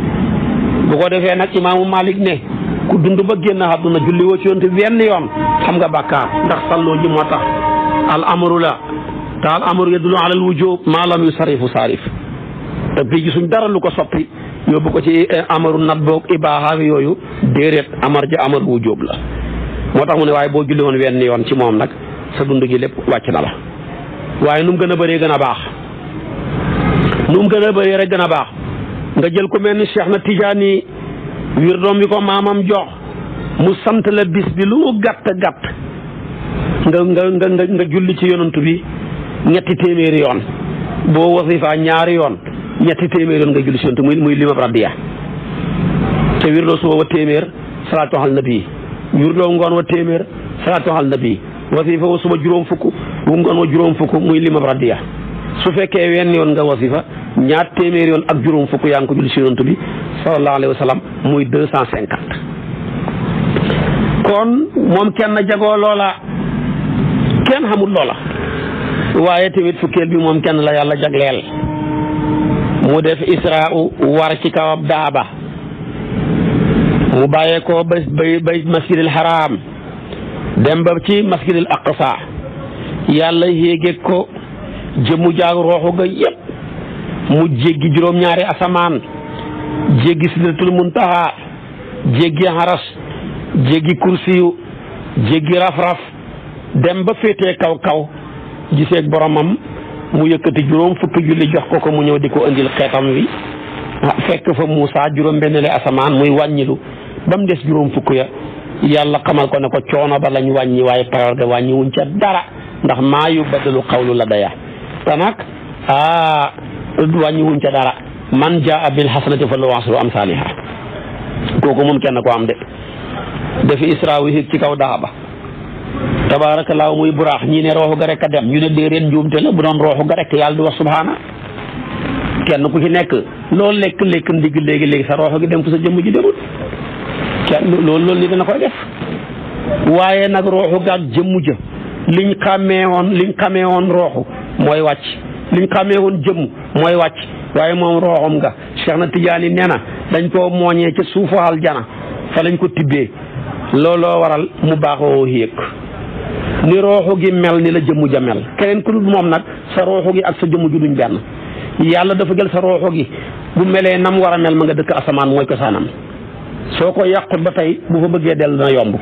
bu ko defee nag imaamu Malik ne ku dund ba génn àdduna julli woo ci yonantu bi benn yoon xam nga bàkkaar ndax salloo moo tax al amru la te al amru yadullu ala al wujub maa lam yu te fii gisuñ dara lu ko soppi yóbbu ko ci eh, amaru nat boog ibaaxaak yooyu amar ja amar wu jóob la moo tax mu ne waaye boo julli woon wenn yoon ci moom nag sa dund gi lépp wàcc na la waaye nu mu gën a bëree gën a baax nu mu gën a bëree rek gën a baax nga jël ku mel ni Cheikh na Tijaani wir doom bi ko maamam jox mu sant la bis bi lu mu gàtt gàtt nga nga nga nga julli ci yonantu bi ñetti téeméeri yoon boo wasifaa ñaari yoon ñetti téeméeri yoon nga julli ci yonantu muy muy limab rabbiya te wir doo suba wa téeméer salaatu ala nabi wir doo ngoon wa téeméer salaatu ala nabi wasifa wa suba juróom fukk bu ngoon wa juróom fukk muy limab rabbiya su fekkee wenn yoon nga wasifa ñaar téeméer yoon ak juróom fukk yaa ngi ko julli si yonent bi sallallahu alayhi wa muy deux cent cinquante kon moom kenn jagoo loola kenn xamul loola waaye tamit fukkeel bi moom kenn la yàlla jagleel mu def israa war ci kawam daaba mu bàyyee ko ba ba masjidil haram dem ba ci masjidil aqsa yàlla yéege ko jëmu jaag rooxu ga yépp mu jéggi juróom-ñaari asamaan jéggi sidratul muntaha jéggi haras jéggi kursiyu jéggi raf dem ba féetee kaw kaw giseeg boromam mu yëkkati juróom fukki julli jox ko ko mu ñëw di ko indil xeetam wi ah, fekk fa Moussa juróom benneele asamaan muy wàññilu ba mu des juróom fukk ya yàlla xamal ko ne ko coono ba lañ wàññi waaye paror ga wàññi wuñ ca dara ndax maa yu badalu xawlu la daya te nag ah wàññiwuñ ca dara man jaa bil hasanati fa lahu asru amsaaliha kooku moom kenn ko am de dafi isra wi ci kaw daa ba tabaarakallaahu muy buraax ñi ne rooxu ga rek dem ñu ne déedéet njuumte la bu doon rooxu ga rek yàlla di wax subhaana kenn ku ci nekk loolu lekk lekk ndigg léegi léegi sa rooxu gi dem ko sa jëmm ji demul kenn loolu loolu nit dina koy def waaye nag rooxu ga jëmm ja liñ xàmmee woon liñ xàmmee woon rooxu mooy wàcc liñ xamee woon jëmm mooy wàcc waaye moom rooxam nga Cheikh na Tidiane nee na dañ koo mooñee ca suufu aljana fa lañ ko tibbee looloo waral mu baaxoo yéeg ni rooxu gi mel ni la jëmm ja mel keneen ku dul moom nag sa rooxu gi ak sa jëmm ju duñ benn yàlla dafa jël sa rooxu gi bu melee nam war a mel ma nga dëkk asamaan mooy cosaanam soo ko yàqut ba tey bu fa bëggee dellu na yomb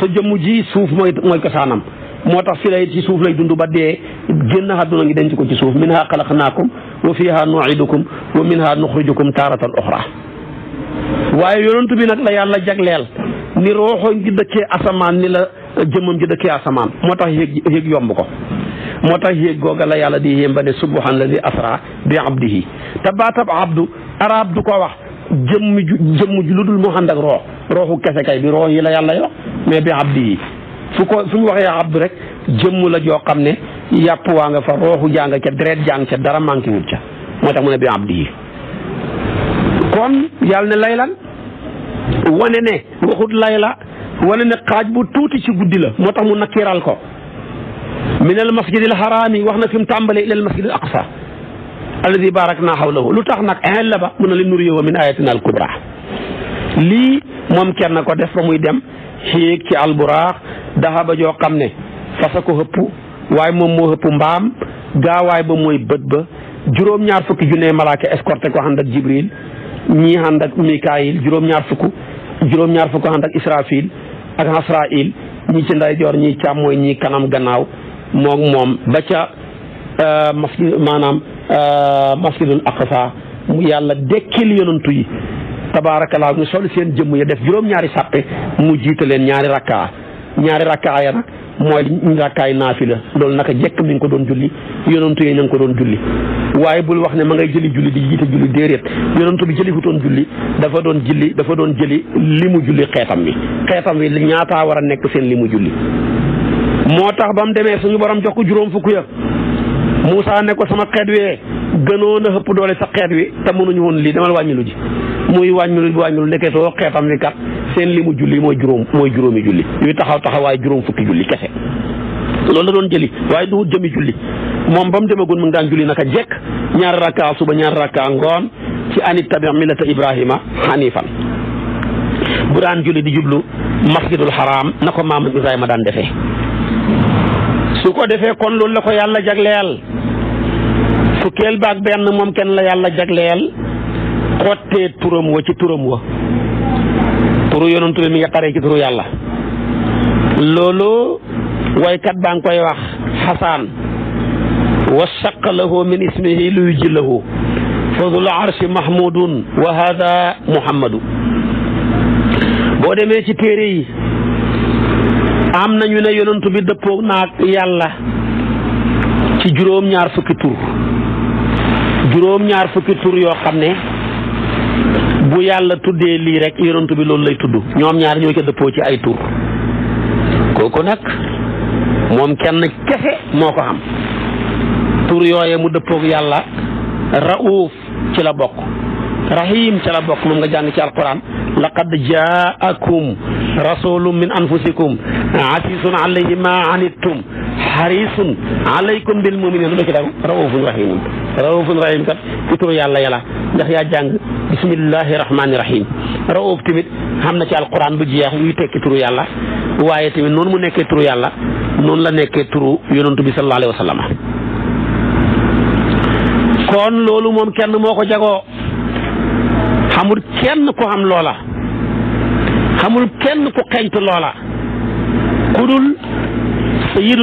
sa jëmm ji suuf mooy mooy cosaanam moo tax fi lay ci suuf lay dund ba dee génn àdduna ngi denc ko ci suuf minha xalaqnaakum wa fiha nuidukum wa minha nuxrijukum taaratan oxra waaye yonent bi nag la yàlla jagleel ni rooxo ngi dëkkee asamaan ni la jëmmam ji dëkkee asamaan moo tax yéeg yéeg yomb ko moo tax yéeg googa la yàlla di yéem ba ne subhaana alladi asra bi abdihi tabaatab abdu arab du ko wax jëmm ju jëmm ju lu dul mu ànd ak roox rooxu kese kay bi roox yi la yàlla fu ko fu ñu waxee abdu rek jëmm la joo xam ne yàpp waa nga fa rooxu jàng ca deret jàng ca dara manqué wut ca moo tax mu ne bi abdi yi kon yàlla ne laylan wane ne waxut layla wane ne xaaj bu tuuti ci guddi la moo tax na nakkiral ko min al masjidil haraami wax na fi tàmbali tàmbalee ila al masjidil aqsa alladi barak naa xawlahu lu tax nag en la ba mun na li nuriyahu min ayatina al kubra lii moom kenn ko def ba muy dem xéeg ci alburaax daxaba joo xam ne fasa ko xëpp waaye moom moo xëpp mbaam gaawaay ba mooy bët ba juróom-ñaar fukki junne malaaka escorté ko ànd ak jibril ñii ànd ak mikaayil juróom-ñaar fukk juróom-ñaar fukk ànd ak israfil ak hasrail ñii ci ndeyjoor ñii càmmooy ñii kanam gannaaw moom moom ba ca euh, masjid maanaam euh, masjidul aqsa mu yàlla dekkil yonantu yi tabaarakallaa ñu sol seen jëmm ya def juróom-ñaari sàppe mu jiite leen ñaari rakkaa ñaari rakkaa ya nag mooy rakkaay la loolu naka jekk mi ngi ko doon julli yonantu yi ña ko doon julli waaye bul wax ne ma ngay jëli julli di jiite julli déeréet yonantu bi jëli hutoon julli dafa doon julli dafa doon jëli li mu julli xeetam bi xeetam bi ñaataa war a nekk seen li mu julli moo tax ba mu demee suñu borom jox ko juróom fukk ya Moussa ne ko sama xeet wee gënoon a ëpp doole sa xeet wi te mënuñu woon lii demal wàññilu ji muy wàññi lu wàññi lu ndeketoo xeetam wi kat seen li mu julli mooy juróom mooy juróomi julli yuy taxaw taxawaay juróom fukki julli kese loolu la doon jëli waaye du jëmi julli moom ba mu demagoon mu daan julli naka jekk ñaari rakka suba ñaari rakka ngoon ci anit tabi millata Ibrahima hanifan bu daan julli di jublu masjidul haram na ko maam Ibrahima daan defee. su ko defee kon loolu la ko yàlla jagleel fukkeel baak benn moom kenn la yàlla jagleel. xottee turam wa ci turam wa turu yonantu bi mi nga xaree ci turu yàlla loolu waykat baa ngi koy wax xasaan wa shaqa lahu min ismihi luy ji lahu fa dul mahmudun wa hada muhammadu boo demee ci téere yi am nañu ne yonantu bi dëppoo naag yàlla ci juróom ñaar fukki tur juróom ñaar fukki tur yoo xam ne bu yàlla tuddee lii rek yonent bi loolu lay tudd ñoom ñaar ñoo ca dëppoo ci ay tur kooku nag moom kenn kese moo ko am tur yooye mu dëppoog yàlla rauf ci la bokk rahim ci la bokk moom nga jàng ci alquran laqad jaakum rasulun min anfusikum asisun alayhi anittum harisun alaykum bil muminin lu ci daw raufun rahimun raufun rahim kat ci turu yàlla yàlla ndax yaa jàng bismillahi rahmani rahim rauf xam na ci alquran bu jeex yuy tekki turu yàlla waaye tamit noonu mu nekkee turu yàlla noonu la nekkee turu yonantu bi sallallahu wa sallam kon loolu moom kenn moo ko jagoo xamul kenn ku xam loola xamul kenn ku xeñtu loola ku dul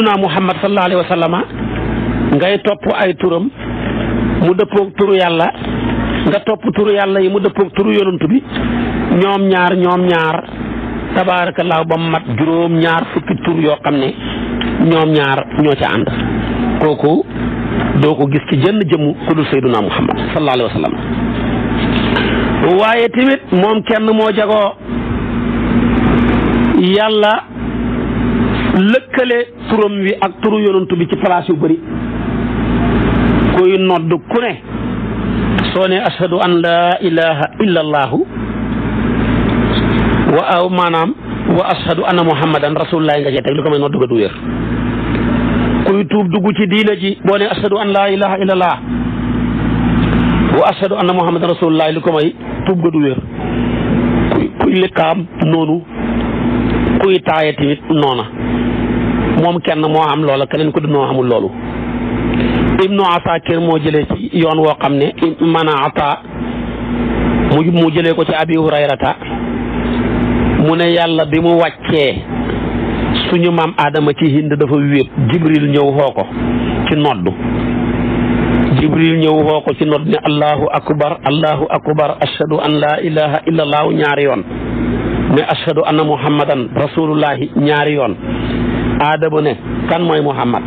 naa muhammad sallallahu alayhi wa sallam ngay topp ay turam mu dëppoog turu yàlla nga topp turu yàlla yi mu dëppoog turu yonantu bi ñoom ñaar ñoom ñaar tabaarakallaahu ba mat juróom ñaar fukki tur yoo xam ne ñoom ñaar ñoo ca ànd kooku doo ko gis ci jënn jëmm ku dul sayduna muhammad sallallahu alayhi wa waaye tamit moom kenn moo jagoo yàlla lëkkale turam wi ak turu yonantu bi ci place yu bari kuy nodd ku ne soo ne ashadu an laa ilaha illa wa aw maanaam wa ashadu anna muhammadan rasulullahi nga cee teg li ko may nodd ko du wér kuy tuub dugg ci diina ji boo ne ashadu an laa ilaha illa allah wa ashadu anna muhammadan rasulullahi li ko may tuub ga du wér kuy kuy noonu kuy taaye tamit noona moom kenn moo am loola keneen ku du noo amul loolu ibnu Asakir moo jëlee ci yoon woo xam ne man ata mu mu jëlee ko ci abi hurayrata mu ne yàlla bi mu wàccee suñu maam Adama ci hind dafa wéet jibril ñëw xoo ko ci noddu jibril ko ci nodd ne allahu akbar allahu akbar ashhadu an la ilaha illa allahu ñaari yoon ne ashhadu anna muhammadan rasulullahi ñaari yoon Adama ne kan mooy muhammad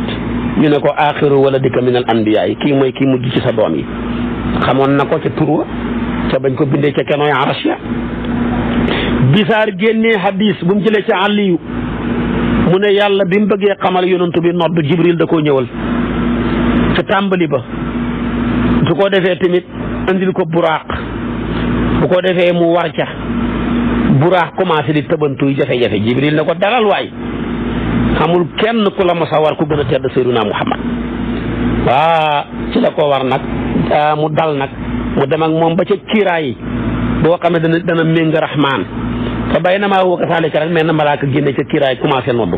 ñu ne ko aaxiru wala dikka minal anbiyaay kii mooy kii mujj ci sa doom yi xamoon na ko ca turwa ca bañ ko bindee ca kenooy arash ya bisaar génnee hadis bu mu jëlee ci àlliyu mu ne yàlla bi mu bëggee xamal yonantu bi nodd jibril da koo ñëwal ca tàmbali ba su ko defee tamit andil ko buraaq bu ko defee mu war ca buraax commencer di tëbantu jafe-jafe jibril ne ko dalal waay amul kenn ku la mos a war ku gën a tedd Seydunaa Muhammad waa ci la ko war nag ah, mu dal nag mu dem ak moom ba ca kiiraay boo xam ne dana dana méng rahmaan fa bay na maa woo kasaalika rek mel na malaaka génne ca kiiraay commencé noddu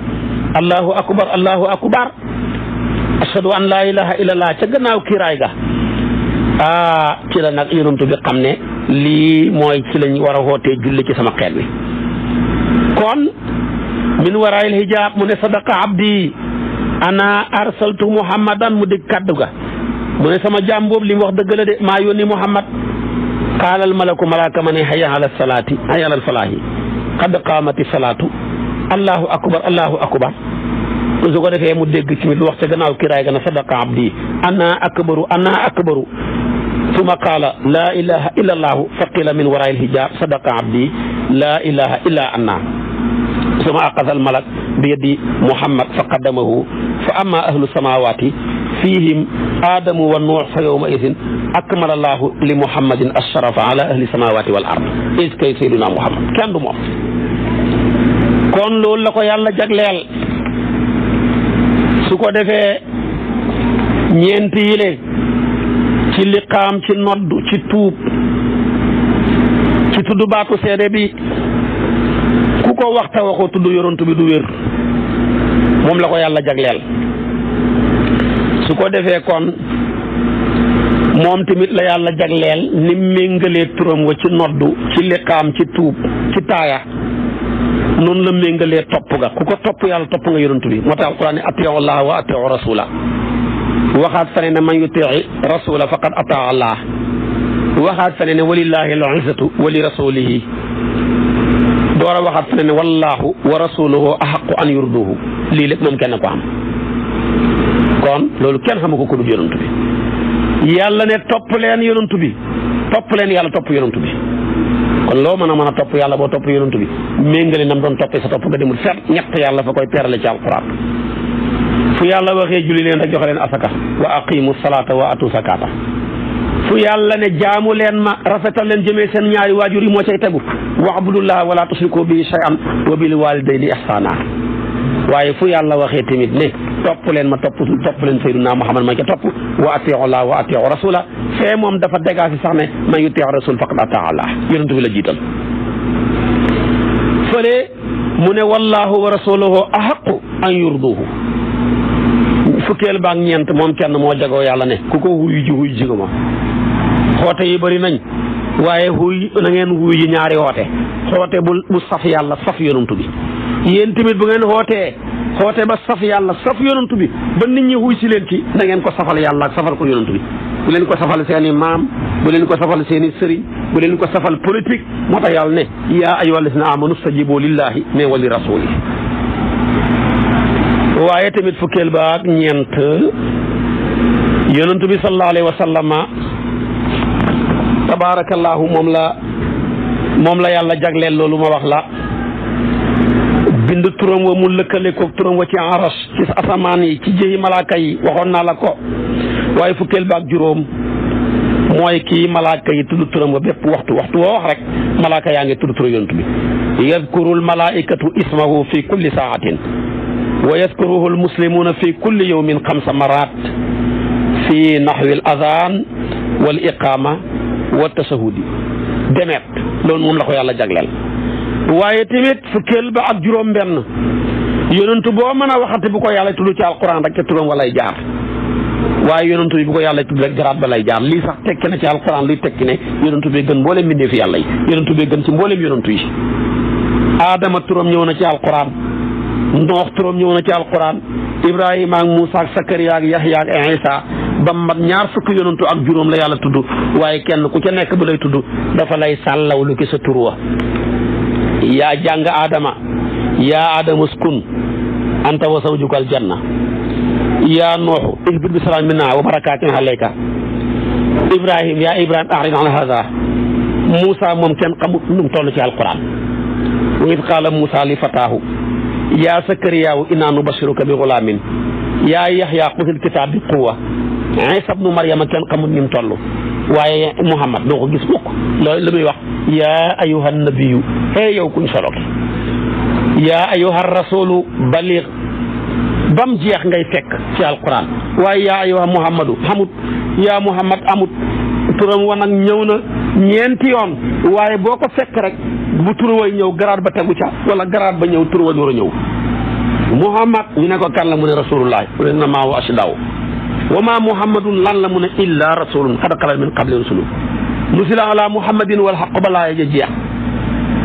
allahu akbar allahu akbar ashadu an laa ilaha illallah ca gannaaw kiiraay ga ah ci la nag yonent bi xam ne lii mooy ci lañ war a wootee julli ci sama xel bi kon min waraayil hijaab mu ne sadaqa abdi ana arsaltu muhammadan mu dégg kàddu ga mu ne sama jaam boobu li mu wax dëgg la de maa yónni muhammad qaala al malaku malaaka ma ne hayya ala salaati hayya ala falaahi qad qaamati salaatu allahu akbar allahu akbar su ko defee mu dégg ci lu wax ca gannaaw kiraay ga na sadaqa abdi ana akbaru ana akbaru suma qaala laa ilaha illa allahu faqila min waraayil hijaab sadaqa abdi laa ilaha illa anna suma aqasal malak bi yadi muhammad fa qaddamahu fa amma ahlu samawati fihim adamu wa nuux fa yowma idin akmala allahu li muhammadin asharafa ala ahli samawati wal ard is kay sayduna muhammad kenn du moom kon loolu la ko yàlla jagleel su ko defee ñeenti yile ci liqaam ci nodd ci tuub ci tudd baatu seede bi ku ko wax ta waxoo tudd yorontu bi du wér moom la ko yàlla jagleel su ko defee kon moom tamit la yàlla jagleel ni méngalee turam wa ci noddu ci liqaam ci tuub ci taaya noonu la méngalee topp ga ku ko topp yàlla topp nga yorontu bi moo tax alquran ne atiu allah wa atiu rasula waxaat fane ne man yutii rasula faqad ataa waxaat fane ne walillahi al izzatu wa door a waxaat fu ne ne wallaahu wa rasuluhu ahaqu an yurduhu lii lépp moom kenn ko am kon loolu kenn xamu ko ku dul yonantu bi yàlla ne topp leen yonantu bi topp leen yàlla topp yonantu bi kon loo mën a mën a topp yàlla boo topp yonantu bi méngale nam doon toppee sa topp nga demul seet ñett yàlla fa koy perale ci alquran fu yàlla waxee julli leen rek joxe leen asaka wa aqimu salata wa atu fu yàlla ne jaamu leen ma rafetal leen jëmee seen ñaari waajur yi moo cay tegu wa'budullaha wala tusriku bihi shay'an wa bil walidayni ihsana waaye fu yàlla waxee tamit ne topp leen ma topp topp leen sayyiduna Muhammad ma ca topp wa atii'u llaha wa atii'u rasula fee moom dafa dégaasi sax ne man yutii'u rasul faqad ataa'a llah yonent bi la jiital fële mu ne wallahu wa rasuluhu ahaqqu an yurduhu fukkeel baak ñeent moom kenn moo jagoo yàlla ne ku ko wuyu ji wuyu ji nga ma xoote yi bari nañ waaye xuy na ngeen xuy yi ñaari xoote xoote bu bu saf yàlla saf yonantu bi yéen tamit bu ngeen xootee xoote ba saf yàlla saf yonantu bi ba nit ñi xuy si leen ci na ngeen ko safal yàlla ak safal ko yonantu bi bu leen ko safal seeni maam bu leen ko safal seeni sëriñ bu leen ko safal politique moo tax yàlla ne yaa ayyuhal lazina amanu stajibu lillahi mais wali rasuli waaye tamit fukkeel ba ak ñeent yonantu bi sallallahu alayhi tabaarakallaahu moom la moom la yàlla jagleel loolu ma wax la bind turam wa mu lëkkale ko turam wa ci aras ci asamaan yi ci jëhi malaaka yi waxoon naa la ko waaye fukkeel ba ak juróom mooy kii malaaka yi tudd turam wa bépp waxtu waxtu woo wax rek malaaka yaa ngi tudd turam yontu bi yadkurul malaaikatu ismahu fi kulli saatin wa yadkuruhu almuslimuuna fi kulli yawmin xamsa maraat fi naxwi al azaan wal iqaama wa tasahudi demeet loolu moom la ko yàlla jagleel waaye tamit fukkeel ba ak juróom benn yonentu boo mën a waxati bu ko yàlla tudd ci alquran rek ca turam walay jaar waaye yonentu bi bu ko yàlla tudd rek garaat ba lay jaar lii sax tekki na ci alquran luy tekki ne yonentu bee gën mbooleem mbindeefi yàlla yi yonentu bee gën ci mbooleem yonentu yi aadama turam ñëw na ci alquran noox turam ñëw ci alquran ibrahima ak moussa ak sakariya ak ba mat ñaar fukki yonantu ak juróom la yàlla tudd waaye kenn ku ca nekk bu lay tudd dafa lay sàllaw lu ki sa tur wa yaa jàng aadama yaa aadama uskun anta wa zawjuka aljanna yaa nooxu ihbit bi salaam minna wa barakaatin alayka ibrahim yaa ibrahim ahrid an hada muusa moom kenn xamut num toll ci alquran wa id qaala muusa li fataahu yaa sakariyaawu innaa nubashiruka bi gulaamin yaa yaxyaa xusil kitaab bi quwa Isa bnu Maryama kenn xamul ni mu toll waaye Muhammad doo ko gis mukk loolu lu muy wax yaa ayuha nabiyu hey yow kuñ solo ki yaa ayuha rasulu balig bam jeex ngay fekk ci alquran waaye yaa ayuha Muhammadu xamut yaa Muhammad amut turam wa nag ñëw na ñeenti yoon waaye boo ko fekk rek bu tur ñëw garaat ba tegu ca wala garaat ba ñëw tur wa war a ñëw Muhammad ñu ne ko kan la mu ne rasulullah mu ne na maaw asdaw wa ma muhammadun lan la mun a illa rasulun qad xalat min qabli rusulu nusila ala muhammadin wal xaq balaa ya jeex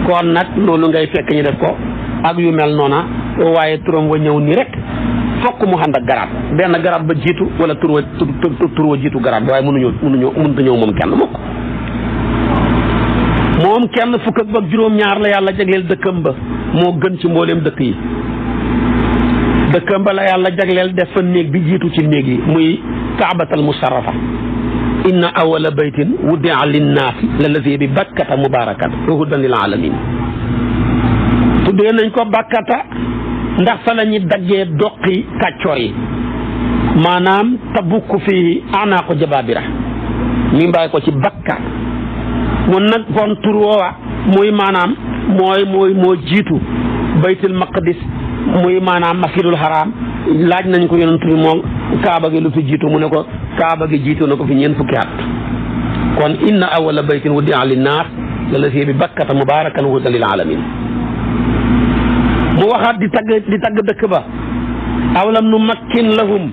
kon nag loolu ngay fekk ñu def ko ak yu mel noona waaye turam wa ñëw nii rek fokk mu xam nga garab benn garab ba jiitu wala tur wa tur wa jiitu garaat waaye mënuñoo mënuñoo mënut a ñëw moom kenn mukk moom kenn fukk ak juróom-ñaar la yàlla jagleel dëkkam ba moo gën ci mbooleem dëkk yi dëkkam ba la yàlla jagleel def fa néeg bi jiitu ci néeg yi muy kaabatal musarrafa inna awala baytin wudia linnaasi lalazi bi bakkata mubarakan wa hudan lil alamin tuddee nañ ko bakkata ndax fa la ñuy daggee doqi kàccoor yi maanaam tabukku fii anaaqu jabaabira mi mbàyyi ko ci bakka mun nag kon muy maanaam mooy mooy moo jiitu baytul maqdis muy maanaam masjidul haram laaj nañ ko yonent bi moom kaaba gi lu fi jiitu mu ne ko kaaba gi jiitu na ko fi ñeent fukki at kon inna awala baytin wudia linnaas lalazi bi bakkata mubarakan hudan lil alamin mu waxaat di tagg di tagg dëkk ba awlam nu makkin lahum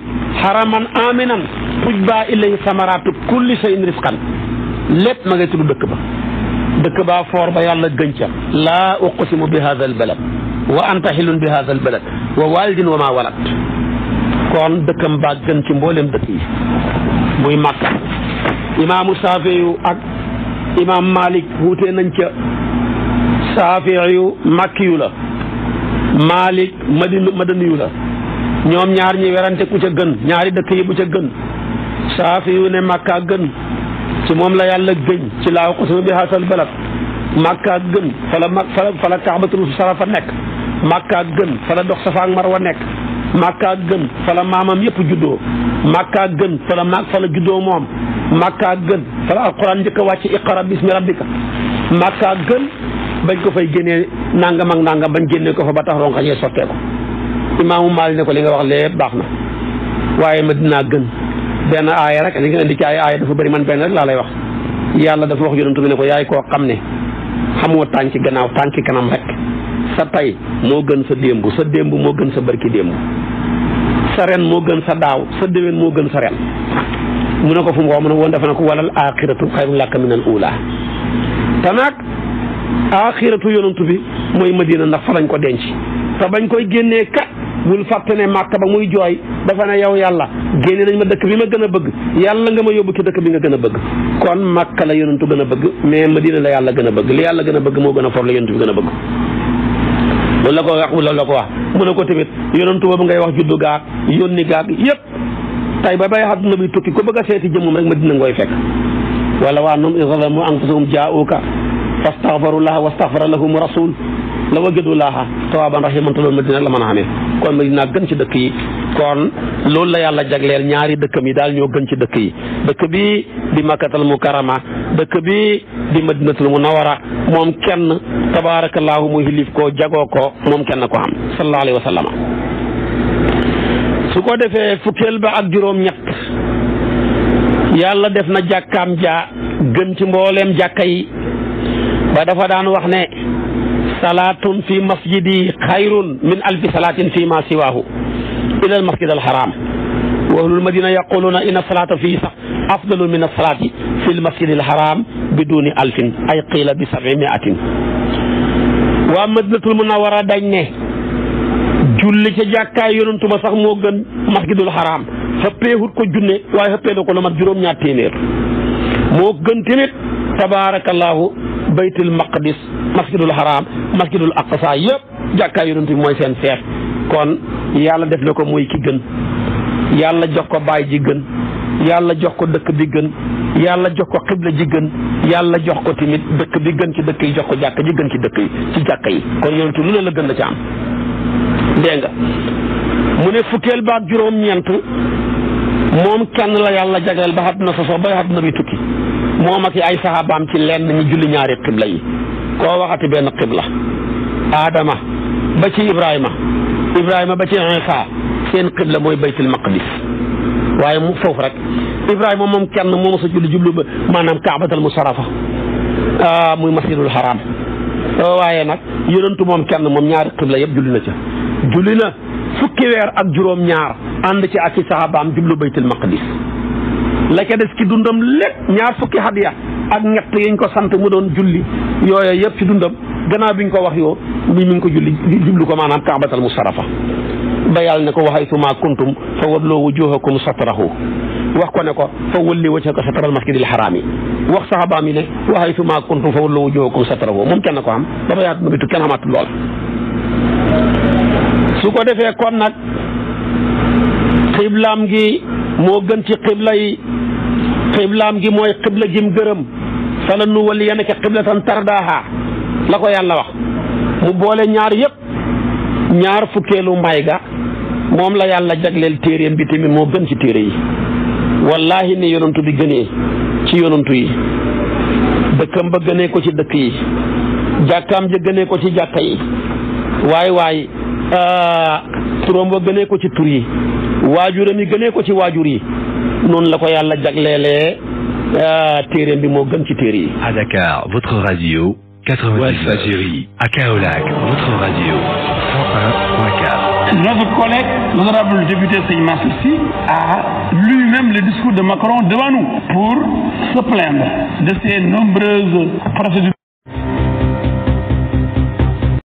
haraman aminan tujba ilayhi samaratu kulli shay'in risqan lépp ma ngay tudd dëkk ba dëkk baa foor ba yàlla gënca laa uqsimu bi hadha al balad wa anta xilun bi haazal balad wa walidin wa ma walad kon dëkkam baa gën ci mboolem dëkk yi muy Makka imaamu Saafiyu ak imaam Malik wuute nañ ca Saafiyu Makkiyu la Malik Madina Madaniyu la ñoom ñaar ñi werante ku ca ñaari dëkk yi bu ca gën Saafiyu ne Makka gën ci moom la yàlla gëñ ci laa uqsimu bi haazal balad Makka gën fa la Makka fa la Kaabatul Sharifa nekk. makka gën fa la dox safa mar marwa nekk makka gën fa la maamam yëpp juddoo màkkaa gën fa la maag fa la juddoo moom màkkaa gën fa la alquran njëkk a wàcc iqra bismi rabbika màkkaa gën bañ ko fay génnee nangam ak nangam bañ génnee ko fa ba tax rongañ yee sottee ko imaamu maali ne ko li nga wax lépp baax na waaye ma dinaa gën benn aaya rek li nga indi ci ay aaya dafa bëri man benn rek laa lay wax yàlla dafa wax yonent bi ne ko yaay koo xam ne xamoo tànki gannaaw tànki kanam rek sa tey moo gën sa démb sa démb moo gën sa barki démb sa ren moo gën sa daaw sa déwén moo gën sa ren mu ne ko fu mu ko mu ne woon defe na ko walal axiratu xayrun laka min al ula te nag axiratu yonantu bi mooy madina ndax lañ ko denc te bañ koy génnee kat bul fàtte màkk ba muy jooy dafa ne yow yàlla génne nañ ma dëkk bi ma gën a bëgg yàlla nga ma yóbbu ci dëkk bi nga gën a bëgg kon màkk la yonantu gën a bëgg mais madina la yàlla gën a bëgg li yàlla gën a bëgg moo gën a for la yonantu bi gën a bëgg loolu la ko wax loolu la ko wax mu ne ko tamit yonentu boobu ngay wax juddu gaag yónni gaag yëpp tay ba bay àdduna bi tukki ko bëgg a seeti jëmmam rek ma dina ngoy fekk wala waa noom izalamu anfusahum jaa'uuka fastaxfaru laha wastaxfara lahum rasul la la wajadu laaha tawaaban rahiman te loolu ma dina la mën a xamee kon ma dinaa gën ci dëkk yi kon loolu la yàlla jagleel ñaari dëkkam yi daal ñoo gën ci dëkk yi dëkk bi di makkatal karama dëkk bi di madinatul munawara moom kenn tabaarakallaahu mu hilif ko jagoo ko moom kenn ko am sallallahu alayhi su ko defee fukkeel ba ak juróom ñett yàlla def na jàkkaam ja gën ci mbooleem jàkka yi ba dafa daan wax ne salaatun fi masjidi xayrun min alfi salaatin fi ma siwaahu ila almasjid alharam wa ahlul madina yaquluna inna salata fii sax afdalu min alsalati fi lmasjid alharam biduni alfin ay qiila bi sabi miatin waa madinatul munawara dañ ne julli ca jàkkaay yonantu ba sax moo gën masjidul haram xëppee hut ko junne waaye xëppee na ko lu mat juróom-ñaar téeméer moo gën tamit tabarakallahu baytul maqdis masjidul haram masjidul aqsa yëpp jàkkaay yonantu bi mooy seen seet kon yàlla def na ko muy ci gën yàlla jox ko baay ji gën yàlla jox ko dëkk bi gën yàlla jox ko xibla ji gën yàlla jox ko tamit dëkk bi gën ci dëkk yi jox ko jàkk ji gën ci dëkk yi ci jàkk yi kon yonentu lu ne la gën la ci am dégg nga mu ne fukkeel ba ak juróom ñeent moom kenn la yàlla jagleel ba na sosoo ba àdduna bi tukki moom ak ay saxaabaam ci lenn ñu julli ñaari xibla yi koo waxati benn xibla aadama ba ci ibrahima Ibrahima ba ci Iisaa seen xibla mooy baytul maqdis waaye mu foofu rek Ibrahima moom kenn moo mos a julli jublu maanaam kaabatal musarafa ah muy masjidul haram waaye nag yonentu moom kenn moom ñaar xibla yëpp julli na ca julli na fukki weer ak juróom-ñaar ànd ci ak i sahabaam jublu baytul maqdis la ca des ci dundam lépp ñaar fukki hadiya ak ñett yiñ ko sant mu doon julli yooyu yëpp ci dundam gannaaw bi ñu ko wax yoo mi mi ko julli jublu ko maanaam kaabatal musarafa ba yàlla ne ko wa haysu maa kuntum fa walloo wujuhakum satrahu wax ko ne ko fa walli wajhaka satral masjidil haraami wax saxaba wa haysu maa kuntum fa walloo moom kenn ko am ba ba yaat na bitu kenn amatul lool su ko defee kon nag xiblaam gi moo gën ci xibla yi xiblaam gi mooy xibla gim gërëm fa la nu walli yanaka qiblatan tardaaha la ko yàlla wax mu boole ñaar yëpp ñaar fukkeelu mbay ga moom la yàlla jagleel téeréem bi tamit moo gën ci téere yi wallahi ni yonantu bi gënee ci yonantu yi dëkkam ba gënee ko ci dëkk yi jàkkaam ja gënee ko ci jàkka yi waaye waay turam ba gënee ko ci tur yi waajuram yi gënee ko ci waajur yi noonu la ko yàlla jagleelee téeréem bi moo gën ci téere yi 99 Algérie, à Kaolac, votre radio, 101.4. Notre collègue, l'honorable député Seyman Soussi, a lui-même le discours de